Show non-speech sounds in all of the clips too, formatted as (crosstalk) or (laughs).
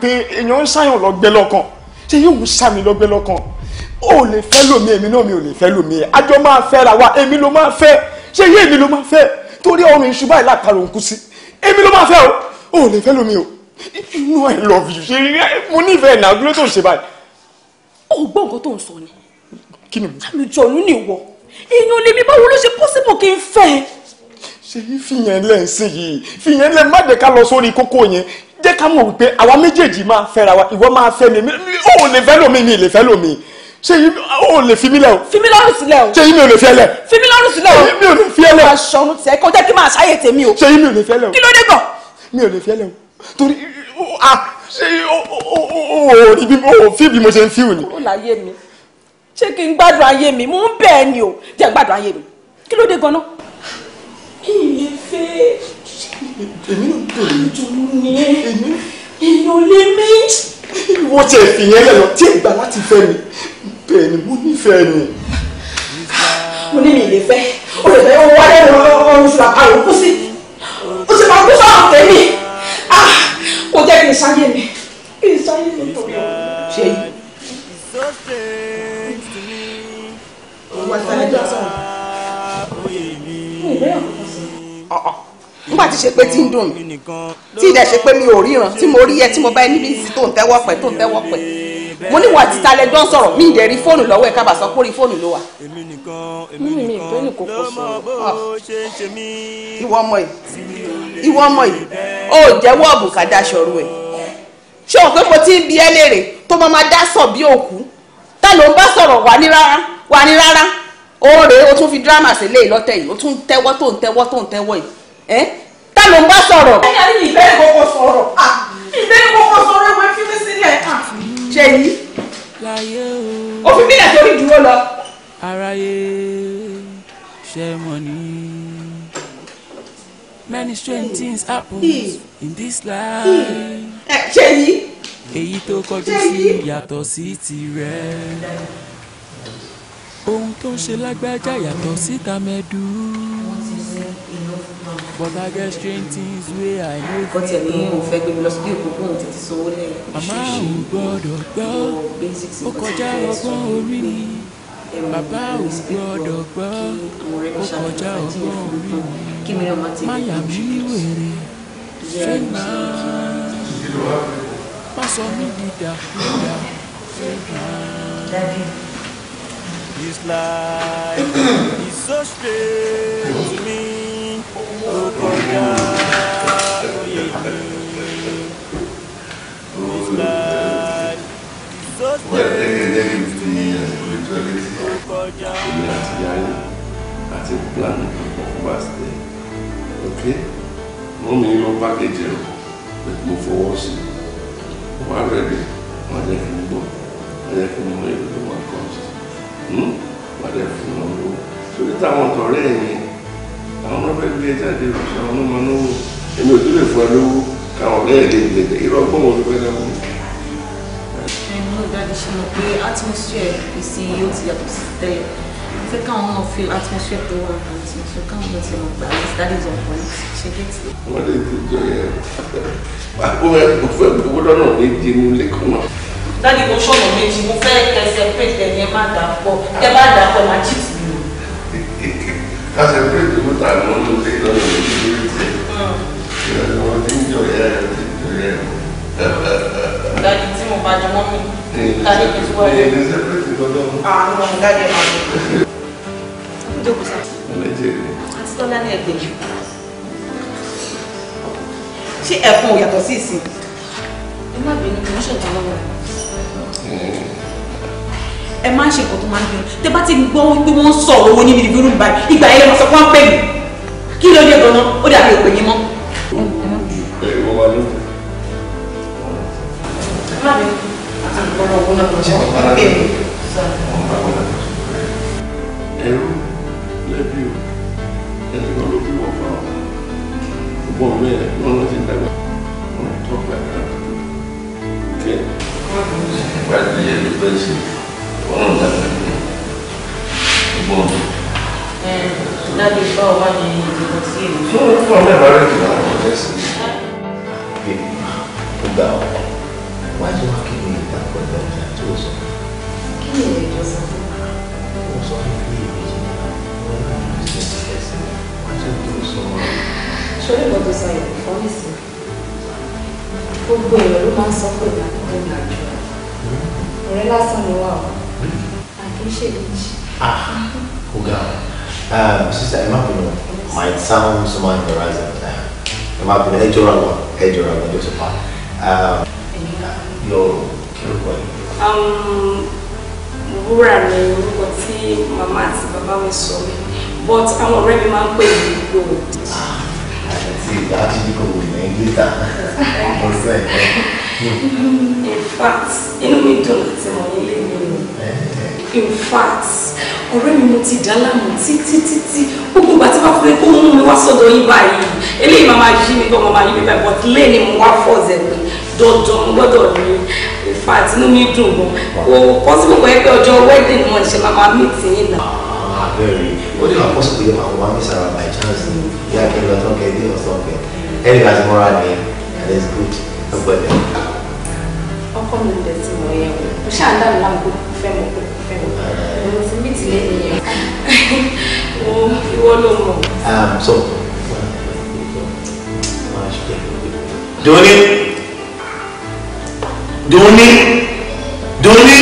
pé èèyàn ń sáyàn lọ́gbẹ́ lọ́kàn ṣé yóò ń sá lọ́gbẹ́ lọ́kàn ó lè fẹ́ lómi èmi náà mi ò lè fẹ́ lómi ẹ̀ àjọ máa fẹ́ ra wa èmi ló máa fẹ́ ṣé yé èmi ló máa fẹ́ torí ọrùn iṣu báyìí látara òǹkú sí èmi ló máa fẹ́ o ó lè fẹ́ lómi o you know I love you ṣe mo nífẹ̀ẹ́ náà kí ló tó ń ṣe báyìí. ó gbọ́ nǹkan tó ń sọ ni. kí ni mo. àlùjọ̀nù ni ìwọ ṣèyí fìyẹn lẹ̀ ń sìn yìí fìyẹn lẹ̀ má dẹ̀ ká lọ sórí kókó yẹn jẹ́ ká mọ̀ wípé àwa méjèèjì máa fẹ́ra wa ìwọ máa fẹ́ mi ó lè fẹ́ lómi mi lè fẹ́ lómi ṣèyí ó lè fi mí lẹ̀ o. fi mí lọ́rùn sílẹ̀ o. ṣèyí mi ò lè fi ẹ lẹ̀. fi mí lọ́rùn sílẹ̀ o. mi ò lè fi ẹ lẹ̀. aṣọ́nu tiẹ̀ kó jẹ́ kí máa ṣáyè tèmi o. ṣèyí mi ò lè fi ẹ lẹ̀ o. kí ló dé gan. mi ò lè fi ẹ o torí a ṣe o rí bí o fi bí mo ṣe ń fi òní. ó láyé mi ṣé kí n gbádùn ayé mi mò ń bẹ́ẹ̀ ni o jẹ́ gbádùn ayé mi kí ló dé gan náà kí n lè fẹ́. èmi ń dùn mí. àjòlù ni èmi. èèyàn lè mí. wọ́n ti ẹ̀fìn yẹn lẹ́nu tí ì gbà láti fẹ́ mi bẹ́ẹ̀ ni mo nífẹ̀ẹ́ ni. mo ní mi ìlè fẹ́ o lè fẹ́ o wá lẹ́nu ọ̀run fún àpárò kú sí o ti máa kú sọ̀rọ̀ tẹ̀mí kò ah, jẹ́ kí n ṣáyé mi kí n ṣáyé mi tó yọ. ṣe yìí. wọ́n ti sáré jọ sọ̀rọ̀. 没有。nígbà tí ṣe pé tí ń dùn mí tí ìdẹ̀ ṣe pé mi ò ríran tí mo rí ẹ tí mo bá ẹni bí ìsìn tó ń tẹ́wọ́ pẹ́ tó ń tẹ́wọ́ pẹ́ mo ní wà títa lẹ dán sọ̀rọ̀ mi ìdẹ̀ rí fóònù lọ́wọ́ ẹ̀ kábàásọ kó rí fóònù ló wà. èmi nìkan èmi nìkan ló mọ bó ṣe ń ṣe mí. ìwọ ọmọ yìí ìwọ ọmọ yìí ó jẹ́wọ́ ọ̀bùkádà ṣọ̀rọ̀ ẹ̀ ṣé o pé mo ti ń bi ẹ́ léèrè tó máa máa dá sọ̀ bí òkú tá ló ń bá sọ̀rọ̀ wà ní rárá wà ní rárá ó rèé o tún fi dírámà sí ilé ìlọ́tẹ̀ yìí o tún tẹ́wọ́ tó ń tẹ́wọ́ tó ń tẹ́wọ́ yìí ẹ́ tá ló ń bá sọ̀rọ̀. ẹ̀yà ni ìbéèrè kọ́kọ́ sọ̀rọ̀ ìbéèrè kọ́kọ́ sọ̀rọ̀ ẹ̀wọ̀n fi mí sílẹ̀ ṣe yìí o fi mílẹ̀ torí dúró lọ. aráyé ṣe mọ̀ ní many strange things happen in this life. ṣe yìí. èyí tó kọjú sí yàtọ̀ sí tirẹ̀ ohun tó ń ṣe lágbájá yàtọ̀ sí tàmẹ́dù. but I get strange things wey I no fit. kọ́tí ẹ̀mí ò fẹ́ gbé mi lọ sí bí òkú òun tètè sanwó lẹ́yìn. màmá ò gbọ́dọ̀ gbọ́ ó kọjá ọgbọ́n orí ni bàbá ò gbọ́dọ̀ gbọ́ ó kọjá ọgbọ́n orí ni má yà mí wèrè ṣé máa má sọ mí di dàkúdà ṣé máa. This life is so strange to me. Oh, God, oh yeah. This life is so strange to me. Ó kọjá òye mi. Àti plan bá ṣe. Ok? Mo ní inú pákéjì rẹ̀ pé mo fọwọ́ sí. Wọ́n á rẹ̀ dé. Wọ́n á jẹ́ kí n gbọ́. Wọ́n á jẹ́ kí n Hmm, wàdẹ fún wọn lówó torí táwọn tọ̀rẹ́ yẹn àwọn ọmọ fẹ́ẹ́ gbé jáde ìrọsẹ àwọn ọmọ náwó èmi ò tó lè fún ẹ lówó káwọn ọ̀rẹ́ ẹ lè lè irọ́ gbọ́n wọn ló fẹ́ẹ́ náwó. ẹnu ló dájú ṣe mọ̀ pé atmosphere ìsinyìí ó ti yàtọ̀ sí tẹ́lẹ̀ fẹ́ káwọn náà fi atmosphere tó wà ní atmosphere káwọn náà ti mọ̀ gbà ní that is on point ṣe dé tí. wọ́n lè ti jọ yẹn o fẹ́ gbogbo náà ní jí nílé kan náà dáàdi kò ṣọ̀nà méjì mo fẹ́ kẹsẹ̀ pété ni ẹ má dà pọ̀ ẹ má dà pọ̀ má jì tì mí o. kásẹ̀ pété mo tà mọ́ ló dé lọ́nà méjì lórí tẹ̀ ìrẹ̀lẹ̀ wọn ti ń jọ yẹ ẹ̀ ti ń jọ yẹ ẹ̀. dáàdi tí mo bá jọ mọ́ mi ah, dáàdi kò tó wà lẹ́yìn. èyí ni sẹ́pẹ̀tì lọ́dọ̀. àwọn dáàdi máa ń lọ. dókòó sá. àti tọ́lá ní ẹgbẹ́ yìí ṣé ẹ̀fọn ò yàtọ̀ sí ìsìn. ẹ má bínú kí wọ́n ṣètò ẹ má ṣe nǹkan tó máa ń bínú tẹ bá ti gbọ́ pé wọ́n ń sọ̀rọ̀ owó níbi ìbínú báyìí ìgbà yẹn lọ sọ pé wọ́n pè mí kí ló dé gan-an ó dàbí òpè yín mọ́. Gracias. bẹ́ẹ̀ sí wọn náà dàgbà ní ọgbọ́n. dáàbì bá ọ wá ní ìdìbò sí èmi. fún fún ọmọ ẹ̀rọ rẹ̀ kìlá ọmọ rẹ̀ sí. ó gbà ọ wájú wa kí ni ìdàpọ̀ ìdàpọ̀ tó sọ. kí ni ìdàpọ̀ sọ fún wa. ó sọ fún mi bí ìbejì náà wọn náà ní ìṣẹ̀lẹ̀ ẹ̀sìn wájú tó sọ wọn. sọ́rí ìbọn tó sọ ìfọ́nísì ọ̀rẹ́ lásán ni wà wá àkíńṣe méjì. ah kò ga ọ eh, sísè ẹ má bínú my town summer my the rising eh, ẹ má bínú ẹ jọra lọ ẹ jọra lọ lóṣù pa yọ kí ló kọ yìí. wúrà ni orúkọ tí màmá àti bàbá mi sọ mi but àwọn ọ̀rẹ́ mi máa ń pè mí gold. àti àti gold ní gíga ọ̀sẹ̀ yẹn in fact inú mi dùn láti mọ̀ nílé mi o in fact ọ̀rẹ́ mi mo ti dá láàmú títí títí gbogbo ìgbà tí wọ́n fẹ́ kó mú mi wá sọ́dọ̀ yín báyìí eléyìí máa máa yí mi gbọ́ máa máa yí mi báyìí but lẹ́ẹ̀ni mo wá fọ́ọ̀zẹ̀ pé dandan mo gbọ́dọ̀ ní in fact inú mi dùn gan kò possible kò yẹ pé ọjọ́ wedding wọn ṣe máa máa meet yín náà. Ah, very ó lè máa possible yẹ máa wá mi sára by chance ni bí a kí n lọ tán kẹ́ ẹ dé ọ̀sán kẹ́ ẹ and it's good no ọkọ mi ò dẹ̀ ti mọ̀ yẹn o ó ṣáà ń dá mi láàmú pé kò fẹ́ mọ̀ pé kò fẹ́ mọ̀ mo ti mí ti lé nìyẹn o ìwọ ló mọ̀. Um, so doni doni doni.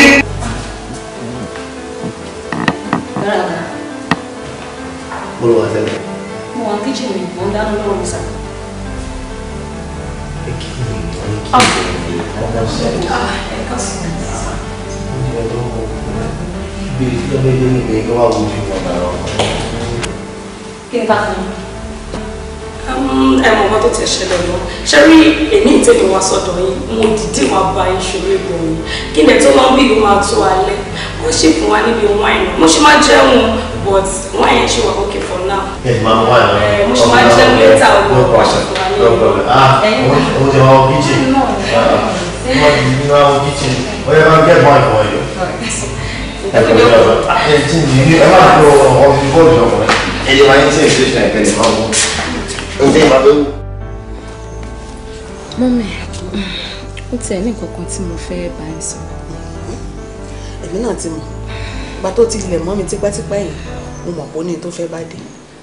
mo lọ wá sẹ́yìn. mo wà ní kíchìn mi mo ń dáná lọ́wọ́ mi sáà. Kí n bá fún un? ẹmọ ọmọ tó ti ṣẹlẹ̀ lọ ṣe rí èmi ìtẹ̀lé wa sọ̀dọ̀ yìí mo dìde wá ba ìṣòro ìbò yìí kí n dẹ̀ tó máa ń bí ìlú máa tó alẹ́ wọ́n ṣe fún wa níbi wáìnì mo ṣe máa jẹun but wọ́n yẹn ṣe wà okay for now. ẹ máa wà ní mo ṣe oh, máa jẹ lẹ́tà owó ọ̀ṣẹ̀ fún wa ní ìlú. Ah, eh? o jẹ wa okichi wa okichi o yẹ máa get one for you. ẹ kò yọ ẹ ah, tí ì ní ẹ máa lo ọmọ bọ́ọ̀lù ọkùnrin ẹ lè máa ń tí ì ṣe ṣe àìpẹ́ ìmọ̀ ọ̀hún. o jẹ́ ìmọ̀ tó wù. mọ́mí ó tiẹ̀ ní nǹkan kan tí mo fẹ́ bá ẹ sọ. èmi náà ti mọ̀ bá tó ti lẹ̀ mọ́ mi tipẹ́tipẹ́ yìí mo mọ̀ pé ó ní tó fẹ́ bá dé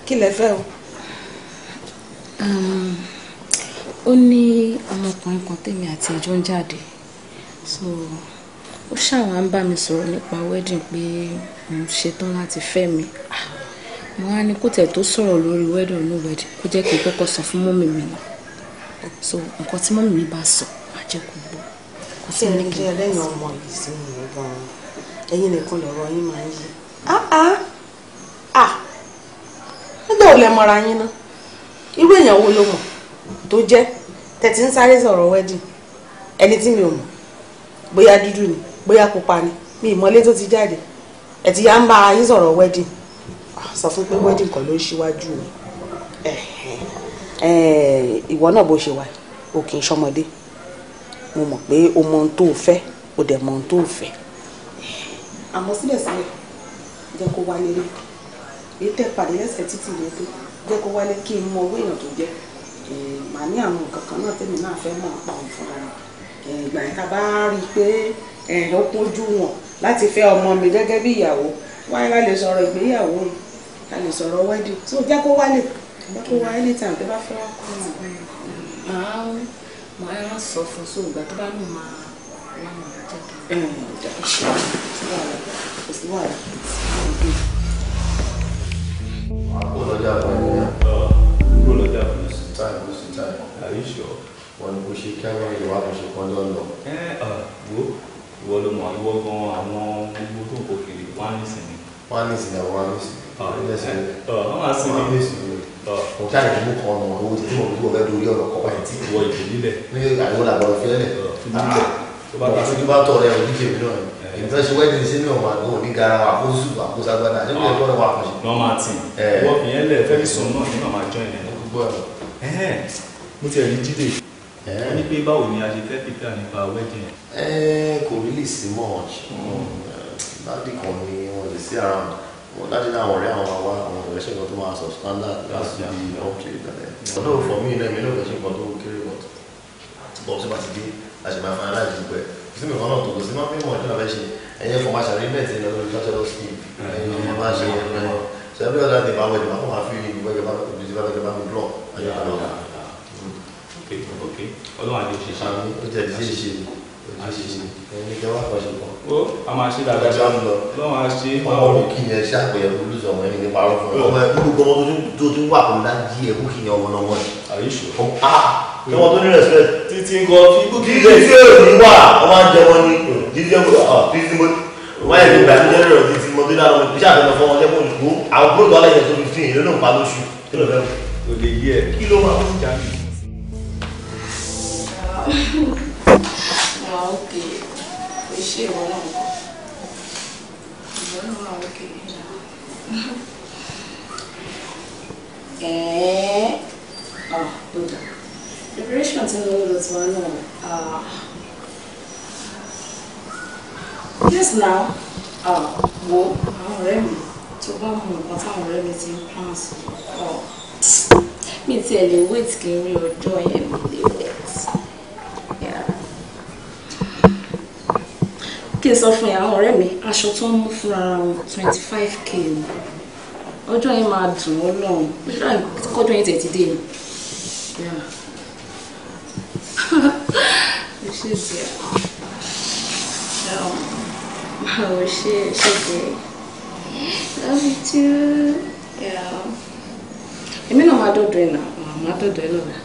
kí lẹ fẹ́ o. Um, ó ní ọmọkùnrin kan tèmi àti ẹjọ́ ń jáde so ó ṣàwọn ń bá mi sọ̀rọ̀ nípa wedding pé mo ṣetán láti fẹ́ mi ah, mo á ní kó tẹ̀ tó sọ̀rọ̀ lórí wedding no wedding kó jẹ́ kí n kọ́kọ́ sọ fún mọ́mì mi nà so nǹkan tí mọ́mì mi bá sọ má jẹ́ kó gbọ́ kó sì ní kí n kọ́ sọ. ṣé ẹni jẹ́ ẹlẹ́yìn ọmọ yìí sí mi gan-an ẹ̀yin nìkan lọ́rọ̀ yín máa ń yí. Ah, ah ah nígbà wo lẹ mọra yín ná irú èèyàn wo ló mọ̀ tó jẹ́ tẹ̀tí ń sáré sọ̀rọ̀ wedding ẹni tí mi ò mọ̀ bóyá dúdú ni bóyá pupa ni mi ìmọ̀lé tó ti jáde ẹ̀ yá ń bá yín sọ̀rọ̀ wedding sọ fún pé wedding kan ló ń ṣíwájú mi ìwọ náà bó ṣe wà o kì í ṣọmọdé mo mọ̀ pé o mọ ohun tó o fẹ́ o dẹ̀ mọ ohun tó o fẹ́. àmọ́ síbẹ̀síbẹ̀ jẹ́ kó wá nílé èyí tẹ́ pàdé lẹ́sẹ̀ títì yẹn tó jẹ́ kó wálé kí n mọ owó èèyàn tó jẹ́ màá ní àwọn nǹkan kan náà tèmi náà fẹ́ mọ̀ pa òun fúnra rẹ̀ ìgbà yẹn tá a bá rí i pé ẹ̀rọ kúnjú wọn láti fẹ́ ọmọ mi gẹ́gẹ́ bí ìyàwó wáyé la lè sọ̀rọ̀ ìgbéyàwó la lè sọ̀rọ̀ wedding tó jẹ́ kó wálé jẹ́ kó wálé anytime tó bá fẹ́ wá kó máa máa sọ fún sóò ìgbà tó bá lù máa láwọn ọ̀rọ̀ jẹ́ kí. Olójà Abẹ́núyà. Olójà Abẹ́núyà. Táyà ló sì táyà. Are you sure? Wọ́n ní kò ṣe kẹ́wọ́n ìwà kò ṣe pọ́njọ́ lọ. Ẹ ẹ wo ìwọ ló mọ̀ ìwọ gan àwọn gbogbo tó ń kó kiri wá nísìnyí. Wá nísìnyí àwọn wá nísìnyí. Wọ́n máa sinmi. Wọ́n máa sinmi. Mo ṣáà ìdílé kan ọmọ owó tí mo dúró lẹ́dọ̀ orí ọ̀rọ̀ kọ́kọ́ yìí tí. Wọ ìdílé lẹ̀. Ní àyẹ̀wò làbọ̀ fẹ́lẹ̀. Tó bá tọ̀ rẹ̀ òdíje mi náà ìtọ́ ṣe wẹ́ẹ̀dì sí ní ọ̀wà àgọ́ onígara àkóso àkóso agbada àti ìgbẹ́ ìgbọ́dọ̀ wà fún ṣe. lọ́ọ́ máa wọ́n fi yẹn lẹ̀ fẹ́ẹ́ sọ náà nínú àwọn àjọ ìlẹ̀ mo ti ẹ̀rí jíde ó ní pé báwo ni a ṣe fẹ́ pípẹ́ nípa wedding. kò rí lè sí much hmm. dáàdì kan ni wọn lè sí ara wọn dáàdì náà ọ̀rẹ́ àwọn àwa àwọn ọ̀rẹ́ ṣe nǹkan tó máa sọ standard láti di ọ̀tún ìdálẹ́. ọ̀dọ́ òfò mi náà mi ṣe nǹkan tó kéré but bọ́ọ̀ tó bá ti dé a ṣe máa sí mi kan náà tó kò uma máa ń pè mọ̀ ọjọ́ àfẹ́ ṣe ẹ̀yẹ fún maṣà rí bẹ́ẹ̀ tí lọ́dọ̀ ní cultural scheme ẹ̀yẹ ọmọ máa ṣe ẹ̀rọ ẹ̀rọ so every other day máa wẹ̀dẹ̀ máa kọ́ máa fi ìwẹ́gẹ̀ bá ìdíjẹ́ bá mi blọ̀ ayé àlọ́ ọ̀la. ok ok ọlọ́run àti òṣìṣẹ́ a ṣe ṣe. ẹni jẹ́ wá kọ́ ṣe pọ̀. ó a máa ṣe dáadáa ṣá lọ́wọ́ a ṣe. ọmọ rẹ kí yẹn ṣàpẹyẹ olùsọ ọmọ ẹni nípa ọ̀rọ̀ fún ọmọ ẹ kúrú gbọmọ tó tún wà kó lájí ẹ kó kì í ọmọ náà wọn. àyíṣò. ọmọ tó ní respect. títí nǹkan ni jíjẹ ah, mo wọ́n yẹ kí gbàdúrà rẹ̀ títí mo tó dára mo fi ṣàfihàn fún ọmọ jẹ́ kó olùkó àwọn gbọ́dọ̀ ọlẹ́yẹ tó wà òkè kò ṣe ìwọ náà kọ ìwọ náà wà òkè yìí (laughs) ah, preparation tí mo lò tí wọ́n náà ah. now ah, wo àwọn ọ̀rẹ́ mi tó bá mọ nǹkan táwọn ọ̀rẹ́ mi ti ń plans mi tiẹ̀ lè wait kí n rí ọjọ́ yẹn mi lè wait. kí n sọ fún yàrá ọ̀rẹ́ mi aṣọ tó ń mú fúnra wọn twenty five k ọjọ́ yẹn máa dùn ọ́ lọ́hùn kọ́jọ́ yẹn tẹ̀tí dé ni. o ṣe bẹ o ṣe ṣe bẹ love you too. èmi náà máa dọ̀dọ̀ ẹ̀ náà máa dọ̀dọ̀ ẹ̀ lọ́la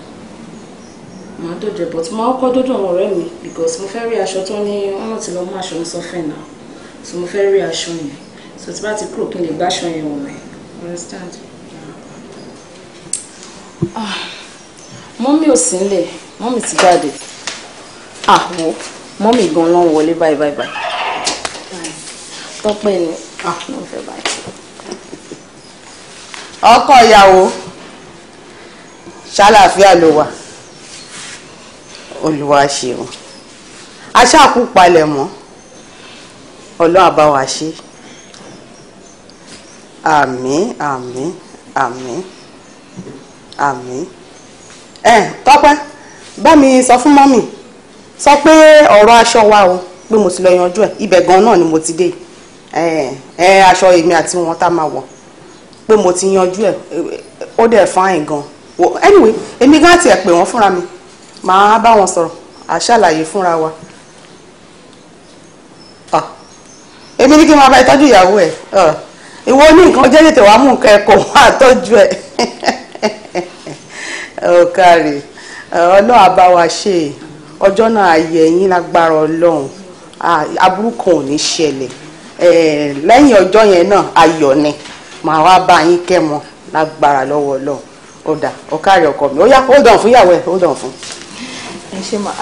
màá dòjò but màá kọ́ dọ́dọ̀ àwọn ọ̀rẹ́ mi because mo fẹ́ rí aṣọ tó ní ọ̀nà tí lọ́mọ aṣọ ń sọ́fẹ̀ náà so mo fẹ́ rí aṣọ yẹn so tí bá ti kúrò kí n lè gbáṣọ yẹn wọ̀ understand. Ah, mọ́mí ò sí nílẹ̀ mọ́mí ti jáde àwo ah, mọ́mí gan ló ń wọlé báyìí báyìí báyìí tọ́pẹ́ ni ló ah, ń fẹ́ báyìí. ọkọ ìyàwó ṣàlàáfíà ló wà olúwa ṣeun aṣáàkú palẹ̀ mọ́ ọlọ́run àbáwá ṣe àmín àmín àmín àmín ẹ tọ́pẹ́ bá mi sọ fún mọ́mì sọ pé ọ̀rọ̀ aṣọ wa o pé mo ti lọ yanjú ẹ̀ ibẹ̀ gan náà ni mo ti dé ẹ aṣọ èmi àti wọn tá máa wọ̀ pé mo ti yanjú ẹ̀ ó dẹ̀ fáìn gan anyway èmi gan àti ẹ̀ pè wọ́n fúnra mi màá bá wọn sọ̀rọ̀ à ṣàlàyé fúnra wa èmi ní kí n máa bá ẹ tọ́jú ìyàwó ẹ ìwọ ní nǹkan jẹ́ tètè wàá mú nǹkan ẹ̀kọ́ wá (laughs) tọ́jú ẹ ọ̀kàrè ọlọ́run àbá wa ṣe ọjọ́ náà ayé ẹ̀yìn lágbára ọlọ́run aburú kan ò ní ṣẹlẹ̀ lẹ́yìn ọjọ́ yẹn náà ayọ̀ ni màá wá bá yín kẹ́ mọ lágbára lọ́wọ́ ọlọ́run ọ̀dà ọ̀kàrè ọkọ mi ó yá hold on fún ìyàwó ẹ̀ hold on fún ẹ ṣe mà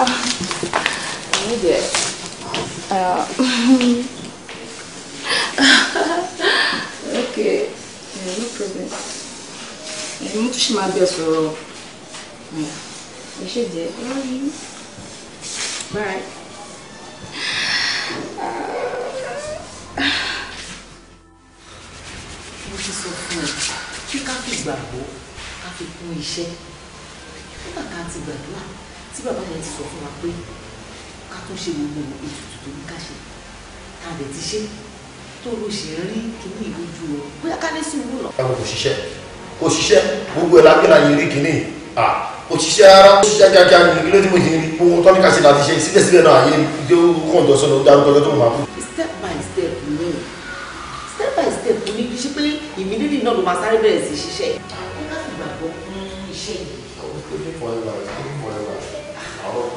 Okay, yeah, no problem ẹ mú tún ṣe máa bẹ sọ̀rọ̀ ẹ ṣe jẹ bye. mo ti sọ fún ẹ kí ká fi gbàgbọ́ ká fi kún iṣẹ́ nígbà ká ti tí bàbá yẹn ti sọ fún wa pé ká tún ṣe gbogbo ètùtù tó ní ká ṣe ká lè ti ṣe tó ló ṣe ń rí kíní ìlójú ọ bóyá ká ní sùúrù lọ. àwọn kò ṣiṣẹ́ kò ṣiṣẹ́ gbogbo ẹ̀ lágbèrè àyè rí kíní à kò ṣiṣẹ́ ara kò ṣiṣẹ́ kíákíá ní kí ló ti mú ìṣe rí tó ní ká láti ṣe síbẹ̀síbẹ̀ náà àyè tó kàn jọ sọ́nà dárúkọ ọjọ́ tó máa kú. step by step ni step by step ni kì í ṣe pé ìmídìrí náà ló máa sáré bẹ̀rẹ̀ sí ṣiṣẹ́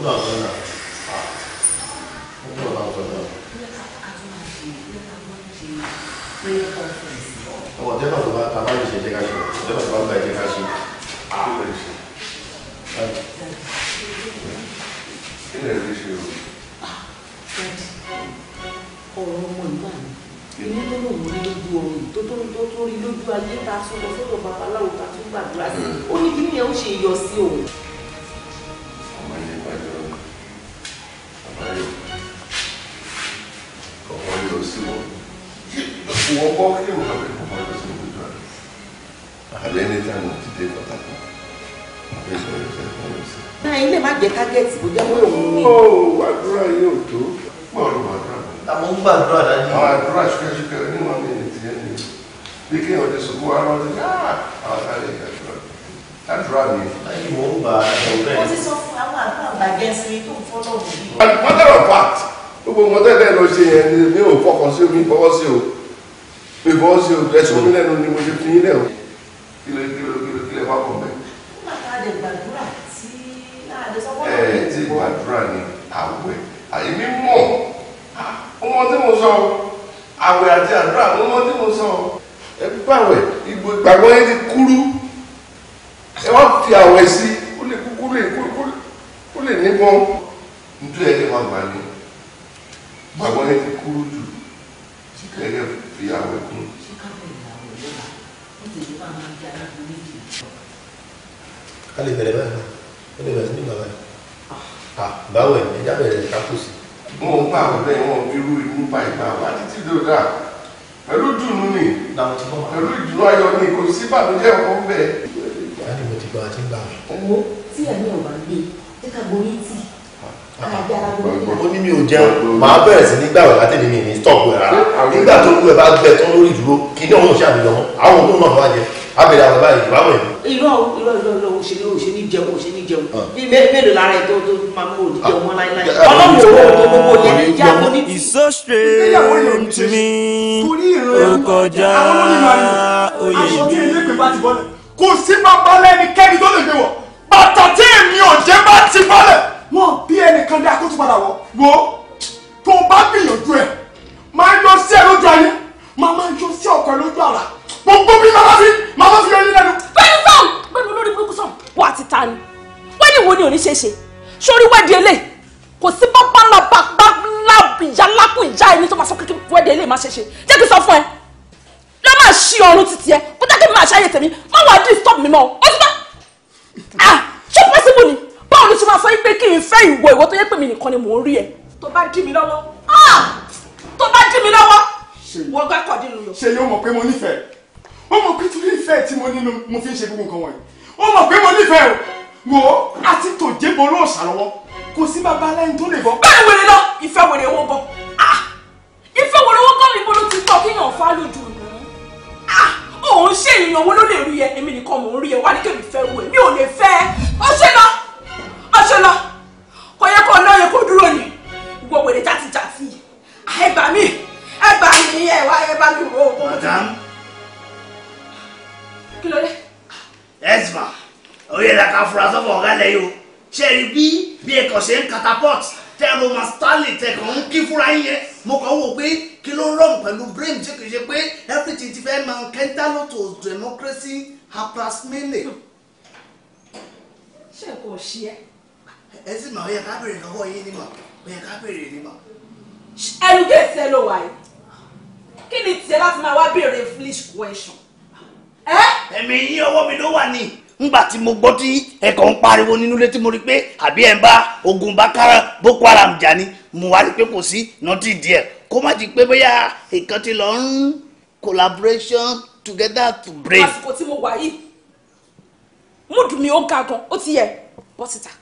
老多呢，啊，工作老多呢。我这帮子吧，他把一些这个事，这帮子吧买这个事，啊，这个事，嗯，这个事有。ọ̀rọ̀ ọmọ ìgbà mi èmi tó lòun rí lójú oorun tó tó tó tó rí lójú ayé ta sọ lọ sọ́dọ̀ babaláwo ta tún gbàdúrà sí i ó ní kí nìyẹn ó ṣe yọ sí òun. wọ́n bọ́ kí wọ́n fẹ́ kó fọ́n lọ́sọ̀ òkú jọ rẹ̀ àbẹ́ ní táwọn ti dé pàtàkì àbẹ́ sọ yóò fẹ́ fọ́n lọ́sọ̀. náà ilé má jẹ tágẹ́tì kò jẹ́ wọ́n òun ni. ó àdúrà yóò tó mọ̀ ọ́ àdúrà. àmọ́ ń gbàdúrà dájú. àwọn àdúrà ṣúkẹ́ṣúkẹ́ onímọ̀ mi ní tiẹ̀ ni bí kí wọ́n ti sọ̀kú wa lọ́sọ̀ àwọn sáré ìgbàdúrà àdúrà mi. ayé mò ń gbà ọ̀rẹ́. wọ́n ti sọ fún àwọn àgbà àgbàjẹ́ sí tó ń fọ́nà òbí. wọ́n tẹ̀rọ̀ pàt gbogbo mọ́tẹ́lẹ̀ lọ ṣe yẹn ni mi ò fọkàn sí omi fọwọ́ sí o bíbọ́ sí o ẹ̀sùn mi lẹ́nu ni mo ṣe fi yín lẹ́wọ̀ kí lè kí lè kí lè kí lè wá pọ̀ bẹ́ẹ̀. ẹ ti gbàdúrà ní àwẹ̀ àyèmí mọ̀ ọmọ ah, tí mo sọ àwẹ̀ àti àdúrà ọmọ tí mo sọ ẹ báwẹ̀ ìgbàgbọ́ yẹn curu é ẹ wá fi àwẹ̀ sí ó lè kúkúrú ó lè níbọn nítorí ẹ lè má gbà ní gbàgbọ́ yẹn ti kúrú jù sí kẹ́kẹ́ fún fi àwẹ̀ kún. ká lè bẹ̀rẹ̀ báyìí ó lè bẹ̀rẹ̀ sí ní bàbá yìí. báwo ẹ̀ ẹja bẹ̀rẹ̀ ká kù sí. wọn ò gbà wọn bẹ́ẹ̀ wọn fi rú inú bá ìgbà wá títí dòdà pẹ̀lú dùnú ni pẹ̀lú ìdùnnú ayọ̀ ni kò ó ní mi ò jẹun màá bẹ̀rẹ̀ sí nígbà wẹ̀ látẹ̀lé mi ní stọ̀pù ẹ̀ rárá nígbà tó kú ẹ̀ bá gbẹ tó lórí ìdúró kí ní ọ̀hún ṣàbí lọ́mọ àwọn òun náà wá jẹ abẹ̀rẹ̀ àwọn báyìí ìwà wẹ̀. irọ́ irọ́ irọ́ irọ́ òṣèlú òṣèlú jẹun òṣèlú jẹun ah. bí mélòó lára ẹ̀ tó tó máa mú òdì jẹun mọ́ láíláí ah. ọlọ́run òwò tó gbogbo yẹn já mo ní. It's so strange to me ó kọjá òye mi. kò sí bàbá lẹ́ni tó lè gbé wọ̀ bàtà èmi ò jẹ́ bá ti bọ́lẹ̀ wọn bí ẹnìkan dé akótó padà wọ wo tó o bá gbìyànjú ẹ máa yọ sí ẹ lójú ayé máa máa yọ sí ọkọ ẹ lójú àlá gbogbo bí màmá fi màmá fi yọrí lẹ́nu. bẹ́ẹ̀ni sọm bẹ́ẹ̀ni olórí burúkú sọm wà á ti ta ni wẹ́ẹ̀ni wo ni òní ṣe ṣe sórí wẹ́ẹ̀dì eléyìí kò sí pápá ńlá bá ńlá ìyá lápò ìyá ẹni tó máa sọ kékeré wẹ́ẹ̀dì eléyìí máa ṣe ṣe jẹ́ kí n sọ fún ẹ lọ́ máa ṣí ọrùn títí ẹ kó dákẹ́ mi máa ṣáyè tèmi má wàá disturb mi mọ́ ọ ti bá ah ṣé possible ni báwo ló ṣe máa sọ yín pé kí n fẹ́ ìwọ ìwọ tó yẹ pé mi nìkan ni mò ń rí ẹ. tó bá dí mi lọ́wọ́ ah! tó bá dí mi lọ́wọ́ wọ́n gbá kọ̀ dínú yọ. ṣe yóò mọ̀ pé mo nífẹ̀ẹ́ ó mọ̀ pé torí ìfẹ́ tí mo ní mo fi ń ṣe gbogbo nǹkan wọ̀nyí ó mọ̀ pé mo nífẹ̀ẹ́ o wò ó àti tòjébọ olóòṣà lọ́wọ́ kò sí bàbá aláìní tó lè bọ́. bẹ́ẹ̀ wèrè lọ ìfẹ́ wèrè owó gan ah! ìfẹ́ wèrè owó gan níbo ló ti tọ́ kéèyàn fá lójú nù òun ah! ṣe èèyàn wo ló lè rí ẹ èmi nìkan mò ń rí ẹ wá ní kébì fẹ́ wo ẹ mi ò lè fẹ́ ọṣọlọ kò yẹ kó lóye kó dúró ni gbogbo wèrè jáde jáde ẹ gbà mi, ẹ gbà mí ẹ wá ẹ bá mi wò ó. madam. kí ló dé. esma oyè la ka fura sọfọ ọgá lẹ yìí o ṣe rí bí bí ẹkọ ṣe ń catapult tẹ ẹ roman stanley tẹ kàn ń kí fúra yín yẹn mo kàn ń wò pé kí ló rọrùn pẹ̀lú brain tí kì í ṣe pé everything ti fẹ́ máa kẹ́ńtàló to democracy hapras mele. ṣé kò ṣe é ẹ sì máa ó yẹ ká béèrè lọ́wọ́ yín ni mà ó yẹ ká béèrè ni mà. ẹnu gẹ̀ẹ́sì ẹ ló wà kí ni tiẹ̀ láti máa wá béèrè foolish question. ẹ̀mí yín ọwọ́ mi ló wà ní ngbà tí mo gbọ́ tí ẹ̀kọ́ ń pariwo nínú ilé tí mo rí pé àbí ẹ̀ ń bá ogun bákàrà boko haram jà ni mo wá rí pé kò sí nọ́tì díẹ̀ kó má ti pé bóyá nǹkan ti lọ ń collaboration together to break. àsìkò tí mo wà yìí múdùmí ó ga gan ó ti yẹ bọ́sítà.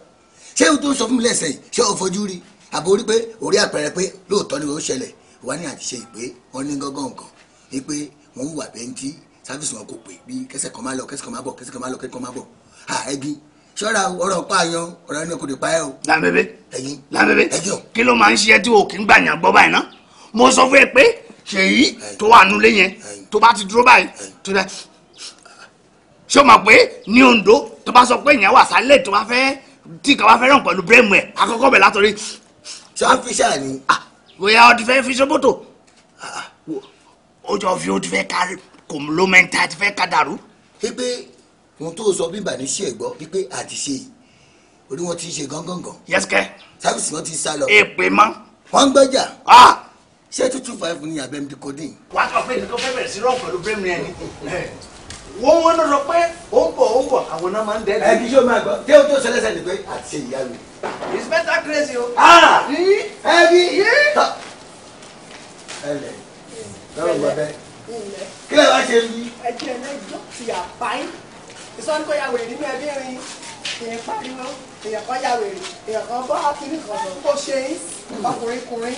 ṣé o tó ń sọ fún mi lẹ́sẹ̀ yìí ṣé o fojú rí àbórí pé orí àpẹẹrẹ pé lóòótọ́ ni o ṣẹlẹ̀ wà ní àtiṣe ìpè wọn ní gángan nǹkan wípé wọn hùwà bẹ́ńtì sáfíìsì wọn kò pè bí kẹsẹ̀ kan má lọ kẹsẹ̀ kan má bọ̀ kẹsẹ̀ kan má lọ kẹsẹ̀ kan má bọ̀ à ẹbí ṣọ́ra ọ̀rọ̀ pààyàn ọ̀rọ̀ ẹni kò lè pa ẹ́ o. làbẹ̀bẹ̀ ẹ̀yin làbẹ̀bẹ̀ ẹjọ́ kí ló máa ń ṣe tí o kì í gbàyàn gbọ́ báyìí ná mo sọ fún ẹ pé ṣèyí tó wà nulẹ̀ yẹn tó bá ti dúró báyìí tó dẹ ṣé o mọ̀ pé ní Ondo tó bá sọ pé ìyẹn wà tó bá fẹ́ tí kàwá fẹ́ràn pẹ̀lú bírèmù ẹ̀ àkọ́kọ́ bẹ̀ látọ̀rí. sọ́fíṣà ni. Ah, bóyá ọtí fẹ́ fi sọ́bọ̀tò ó ah, ah, jọ fi ó ti fẹ́ ká kòmùlómẹ́ntà ti fẹ́ ká dàrú. pípé ohun tó sọ bíbà ní sí ẹ̀gbọ́ pípé àti ṣe orí wọn ti ṣe gángangàn. yẹ́sìkẹ́. sábìsì wọn ti sá lọ. èpè mọ́. wọ́n ń gbọ́jà. ṣé two two five ni abẹ́mi kò dín. wàá sọ pé ètò fẹ́ bẹ̀rẹ̀ sí rọ̀ pẹ̀lú bírèmù yẹn ni. (laughs) wọ́n wọ́n lọ pé ó ń bọ̀ ó ń bọ̀ àwọn náà máa ń dẹ́ẹ̀dẹ́. ẹbí yóò máa gbọ́ tí o tó ṣẹlẹ̀ sẹ́ni pé àti ìyá mi. it's better crazy o. Ah! ẹbí tọ́ ẹlẹ̀ lọ́rọ̀ gbọ́ bẹ́ẹ̀ kí lè wá ṣe ń yí. ẹ̀jẹ̀ lẹ́jọ́ ti àbáyé ìsọ́nkọ́ ya wèrè nínú ẹbí rin èèyàn pariwo èèyàn kan ya wèrè èèyàn kan bọ́ akíní kan sọ kó ṣe é ọkùnrin kùnrin.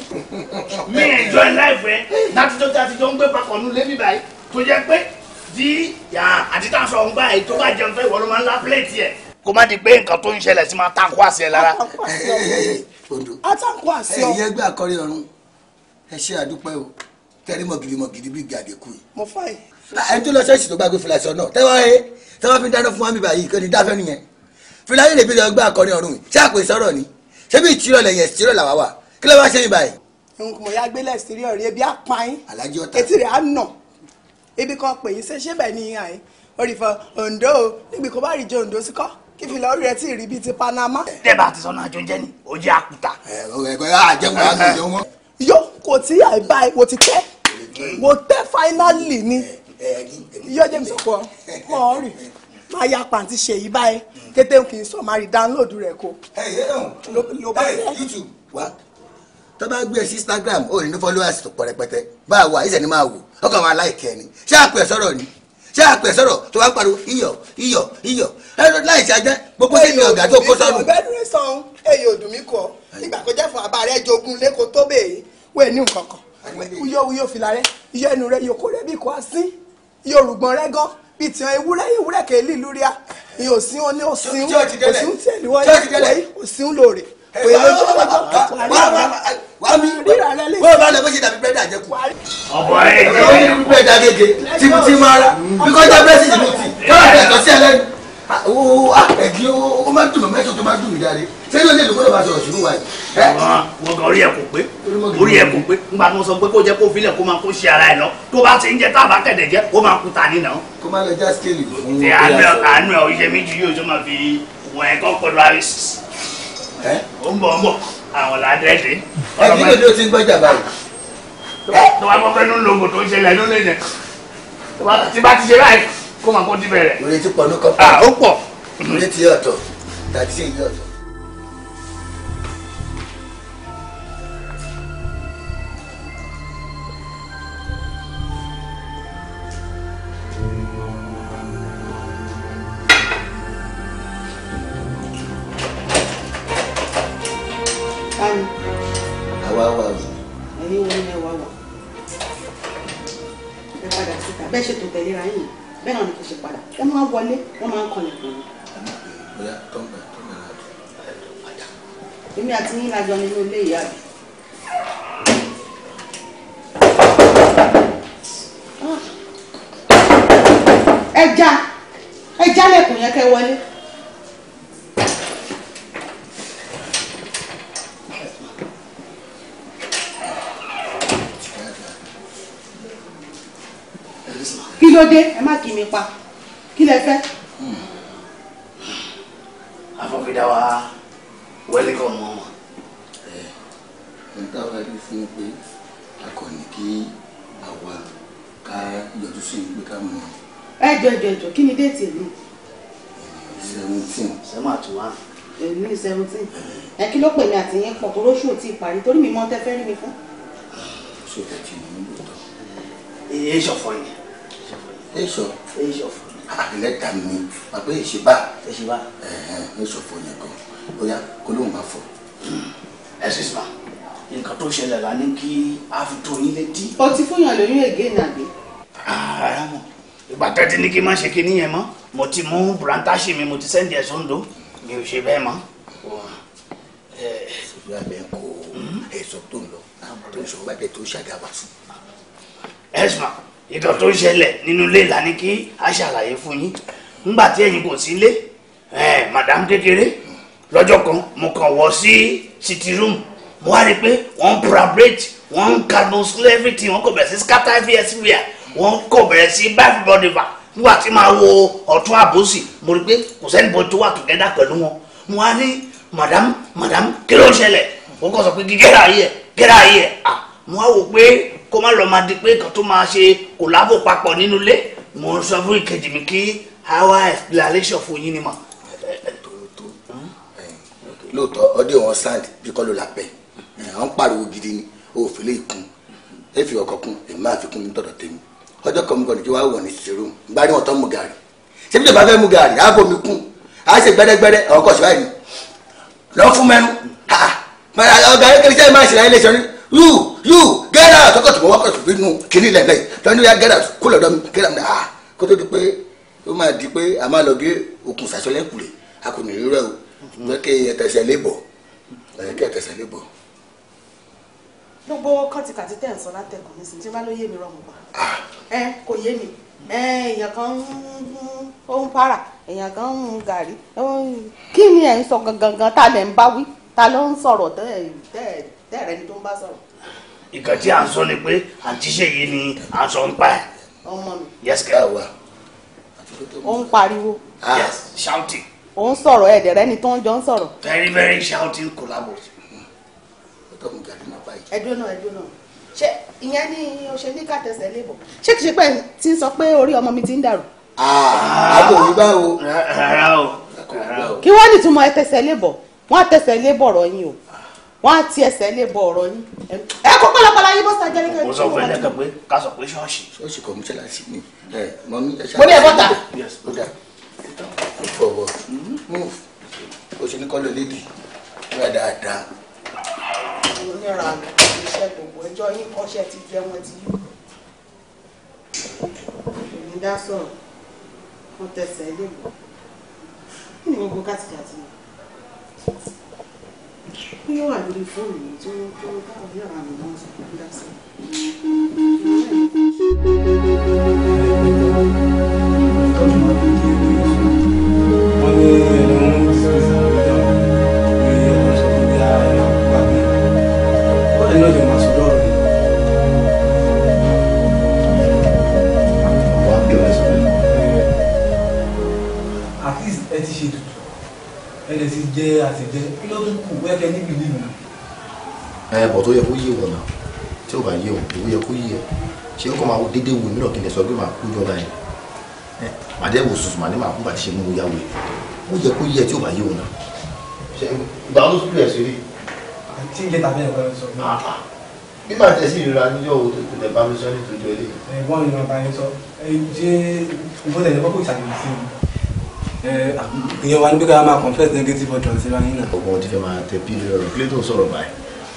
mi enjoy life ẹ látijọ́ tí a ti jọ ń gbé papọ̀ nulẹ̀ bíbáyìí tó jẹ́ pé di yà àti tá a sọ ńgbà yìí tó bá jẹun fẹ́ ìwọ ló máa ń lá pílẹ̀tì ẹ̀. kó má di pé nǹkan tó ń ṣẹlẹ̀ sí máa tá kó àṣẹ lára. àtàkùn àṣẹ ọ. ẹ̀yin ẹgbẹ́ àkọ́rí ọ̀run ẹ ṣe àdúpẹ́ o tẹ́rí mọ̀gìrì mọ̀gìrì bí gàdé kù yìí. mo fà yìí. ẹni tó lọ ṣẹ́ẹ̀ṣì tó gbàgbé fìlà sọ̀nà tẹ́wọ́ ẹ tẹ́wọ́ fi dáná fún wa mi báyìí kò ní dáfẹ́ nìyẹn fìlà yìí lè bí ẹgbẹ́ àkọ́rí ọ̀run ṣé àpò ìsọ̀rọ̀ ni ṣé bí ìtìrọ̀ lẹ̀yìn ẹ̀sìtìrọ̀ làwà wà kí ló bá ṣe mi báyìí. nǹkan mọ̀ ya gbélé ìsírí ọ̀rẹ́ bí apáyín etí rẹ̀ á nà ibi kan pè yín ṣe ṣé bẹ́ẹ̀ ni àyè orífọ Ondo níbi kò bá rí jẹ Ondo síkọ́ kí fi lọ́ọ́ rí ẹ rí bíi ti Panama. dẹ́bà àti sọ́nà àjọ jẹ́ ni ó jẹ́ àkúta. ẹ̀ẹ́dẹ́gbẹ́ àjẹkùn láti jẹun mọ́. yọ kò tí àìbá ẹ wò ti tẹ́ wò tẹ́ finally ni yọ jẹ́ mi sọ̀kọ́ mọ́ ọ rì máa ya pàǹtí ṣe yí báyìí kété kì í sọ máa rí download rẹ̀ kó. ẹ ẹ ẹ YouTube wa tó bá gbé ẹ sí Instagram ó ní followers tó pọ̀ rẹpẹtẹ báà wà ìṣẹ̀ ni máa wò ọkàn wa láìkẹ́ ni ṣé àpè sọ̀rọ̀ ni ṣé àpè sọ̀rọ̀ tó bá ń pariwo iyọ̀ iyọ̀ iyọ̀ ẹ̀rọ láì ṣàjẹ́ gbogbo kí ni ọ̀gá tó kó sọ́nù. ọ̀gbẹ́ni sàn èyí ò dùn mí kọ nígbà kó jẹ́ fún àbá rẹ jogún lẹ́kọ̀ọ́ tó bèè wẹ́ẹ̀ ní nǹkan kan uyó uyó fìlà rẹ iyọ̀ ẹnu rẹ yòókù rẹ bí kò á sí iyọ̀ òrùngbọ̀n rẹ gan bíi tiwọn ewúrẹ́ ewúrẹ́ kèé lílu rí a ìyòsìn oní òsìn òsìn tẹ̀lé wọ́n yẹ òsìn lóore pé lójú ọjọ́ kan wà wà orí ẹ̀ kò pé orí ẹ̀ tó sọ pé kó jẹ́ kó filẹ̀ kó máa kó ṣe ara ẹ̀ lọ tó bá ti ń jẹ táàbà kẹ̀dẹ̀ jẹ́ ó máa kúta nínà. kó má lọ já skéèlì fún wọn. àánú ẹ̀ àánú ẹ̀ méjì yóò tó máa fi wọ̀n ẹ̀kọ́ pẹ̀lú àrísìsì ó ń bọ̀ ń bọ̀ àwọn làádẹ́ẹ̀dẹ́. ẹ kí ló ti ń gbọ́jà báyìí. tó bá fọ́fẹ́ ló ń lo oògùn tó ń ṣẹlẹ̀ ló lè yẹn tí bá ti ṣe báyìí kó máa kó ti bẹ̀rẹ̀. òrètí pọ̀ ló kọ́ ó pọ̀. òrètí ọ̀tọ̀ tàbí sí ìyá ló dé ẹ má kì mí pa kí lẹ fẹ́. Hmm. afọfidà wa wẹlíkọ mọ wọn. ẹ ẹ ń táwọn ẹni fún un pé akọni kí àwa ká yọjú sí i pé ká mọ. ẹ jọ ẹ jọ ẹ jọ kí ni déètì ìlú. seventeen. sẹ́mu àtúwá. èmi ni seventeen. ẹ kí ló pè mí àtìyẹn pọ̀ tó lóṣù ò tí ì parí torí mi mọ́ tẹ́ fẹ́ rí mi fún. Ah, oṣù tẹ̀tì ni mo lò tán. iye ìṣọ̀fọ̀ yìí èso èso àlẹ́dà mi àgbé ìṣèbá ìṣèbá èso fún yẹn gan bóyá kó ló ń bá fọ. ẹ ṣe sùn nǹkan tó ṣẹlẹ̀ la ní kí a fi tó yín létí. o ti fún yàn lóyún ègé nàgbé. Ah, rárá mọ ìgbà tẹ́tí ní kí n má ṣe kinní yẹn mọ́ mo ti mú burantaṣi mi mo ti sẹ́ndì ẹ̀ sóńdó mi ò ṣe bẹ́ẹ̀ mọ́. ṣùgbọ́n àbẹ̀ kò èso hmm? tó ń lọ ah, tó ń sọ wáyé tó ṣàgàwà sí. ẹ sùn ìtàn tó ń ṣẹlẹ̀ nínú ilé ìlànà kí a ṣàlàyé fún yín nígbà tí ẹ̀yin kò sí ilé madam kékeré lọ́jọ́ kan mo kàn wọ́ sí sitting room mo wá rí i pé wọ́n ń prabrate wọ́n ń carbonscle everything wọ́n kò bẹ̀rẹ̀ sí scatter everywhere wọ́n kò bẹ̀rẹ̀ sí báyìí bọ́dé bá nígbà tí máa wo ọ̀tún àbòsì mo rí i pé kò sẹ́ni bọ́ tó wà together pẹ̀lú wọn mo wá ní madam madam kí ló ń ṣẹlẹ̀ ó kàn sọ pé get out here get out here ah mo wá wò pé kó má lọ́ọ́ máa di pé nǹkan tó máa ṣe kòlábò papọ̀ nínú ilé mo ń sọ fún ìkejì mi kí àwa explanation fún yín ni mà. lóòótọ́ ọdẹ wọn sand bí kọ́ ló la pẹ́ wọ́n pariwo gidi ni òfin lè efi ọkọ̀ kún èmi máa fi kún mi tọ̀dọ̀ tèmi ọjọ́ kan mi kàn ní kí wàá wọ̀ ní sèrò gbárí wọn tán mu gàrí ṣebí tó bá fẹ́ mu gàrí á bomi kún á ṣe gbẹ́dẹ́gbẹ́dẹ́ ọkọ̀ ṣùgbọ́n ẹ̀ lọ́ fún mẹ́nu ọ̀gá ayékèké sẹ́yìn máa ṣe láyé lè you you get out ọkọ̀ tí mo wá pẹ̀lú bínú kínní lẹ́lẹ́ lọ́nà yà get out kó lọ́dọ̀ mi kí mi ah kó tó di pé ó máa di pé a máa lọ gé okùn sàṣọlẹ̀ kùlé a kò ní rírọ̀ o lọ́kẹ́ ẹ̀tẹ̀sẹ̀ lébọ̀ lọ́kẹ́ ẹ̀tẹ̀sẹ̀ lébọ̀. gbogbo kọ́tìkàtì tẹ̀ ń sọ látẹ̀kùn nísìnyí tí wọ́n ló yé mi rọ̀ mọ́ pa ah. ẹ kò yé mi èèyàn kan ó ń para èèyàn kan ń gàrí kí ni ẹ̀ ń sọ gangan ta lẹ̀ ń bá wí ta ló ń sọ̀rọ̀ tẹ́ ẹ̀ tẹ́ẹ̀rẹ́ ni tó ń bá sọ̀rọ̀. ìkà tí à ń sọ ni pé àǹtí ṣèyí ni à sọ ń pa ẹ̀. ọmọ mi. yes girl well. ó ń pariwo. Ah, yes shouting. ó ń sọ̀rọ̀ ẹ̀dẹ̀ rẹ ni tó ń jọ ń sọ̀rọ̀. very very shouting collabo. ẹjọ́ náà ẹjọ́ náà ṣe ìyẹn ni o ṣe ní kàtẹsẹ̀ lébọ̀ ṣé kìí ṣe pé tí ń sọ pé orí ọmọ mi ti ń dàrú. Ah, àbò mi bá kí wọ́n ní ẹ tẹsẹ̀ lébọ̀ wọ́n tẹsẹ̀ lébọ̀ rọ̀ yín o wọ́n á ti ẹsẹ̀ lè bọ ọ̀rọ̀ yín ẹ kó pálapàla yín bọ́sà jẹ́ nígbà tí mo wà ní. ká sọ pé ṣọ́ọ̀ṣì. ṣọ́ọ̀ṣì kò mú ṣẹlẹ̀ sí mi. mo ní ẹ bọ́tà. fọwọ́ move ṣe ní kọ́lọ̀ lédi wíwá dáadáa. mo ní ra iṣẹ́ gbogbo ẹjọ́ yín kọ́ṣẹ́ ti jẹ́ wọn ti yí. èmi dá sọ̀rọ̀ mo tẹsẹ̀ lébùú kí ni gbogbo kátìkátì mi ó yóò tó yẹ kó yé wọn náà tí ó bá yé wọn ìwé yẹ kó yé ẹ ṣé ó kọ́ máa dédé wo mìíràn kí n lè sọ pé màá kú jọba yẹn màá dẹ́ wò sùsùn màá ní màá kú bàtí ṣe mú un yáwó ó yẹ kó yé ẹ tí ó bá yé wọn náà. ìgbà wo ló sùn lẹ̀ sí rí. àti ilé tàbí ẹ̀kọ́ ló sọ ah, ah. bí màá tẹ̀sí ìrora níjọ́ wo tó tẹ̀ bá mi sọ nítorí ọdẹ. ìyẹn wa ní bí ká máa confess negative ọjọ́ sí wa nínú. ọgbọ́n ti fẹ́ máa tẹ pílẹ̀ ọ̀rọ̀ kí ló tó sọ̀rọ̀ báyìí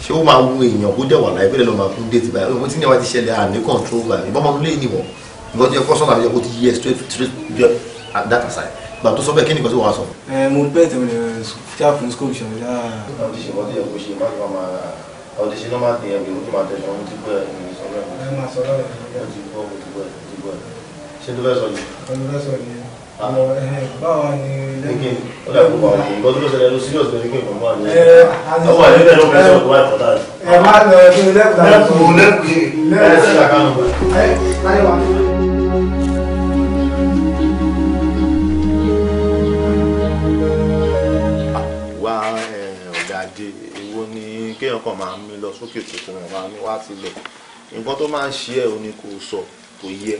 ṣé ó máa wu èèyàn kó dẹ̀ wà láì bẹ́ẹ̀ lọ máa kú déètì báyìí wọ́n ti ní wa ti ṣẹlẹ̀ àní control báyìí ìbọn ọmọdún lé níwọ̀n ìbọn tó yẹ kọ́sọ́nà àbíyẹ kó ti yẹ straight straight yọ that side, gbà tó sọ bẹ́ẹ̀ kí ni nǹkan tó wàá sọ. ẹ mo bẹ́ẹ̀ tẹ̀wé ṣáà fún school ṣọ̀rọ̀ dáa. ọdíṣe wọ́n ti yẹ kó ṣe má báwa ni lẹ́yìn. ó dà kó báwa ni ìgbọ́dọ̀ ló ṣẹlẹ̀ ló serious lórí kí ìgbọ̀nmọ́ àná. ẹ ẹ wà nílẹ̀ ló fẹ́ sọ̀rọ̀ wá ìfọ̀tà. ẹ má lọ sí lẹ́kùn lẹ́kùn lẹ́kùn ẹ sí àkànnù. nǹkan tó máa ń ṣe ẹ̀ ò ní kó sọ kò yẹ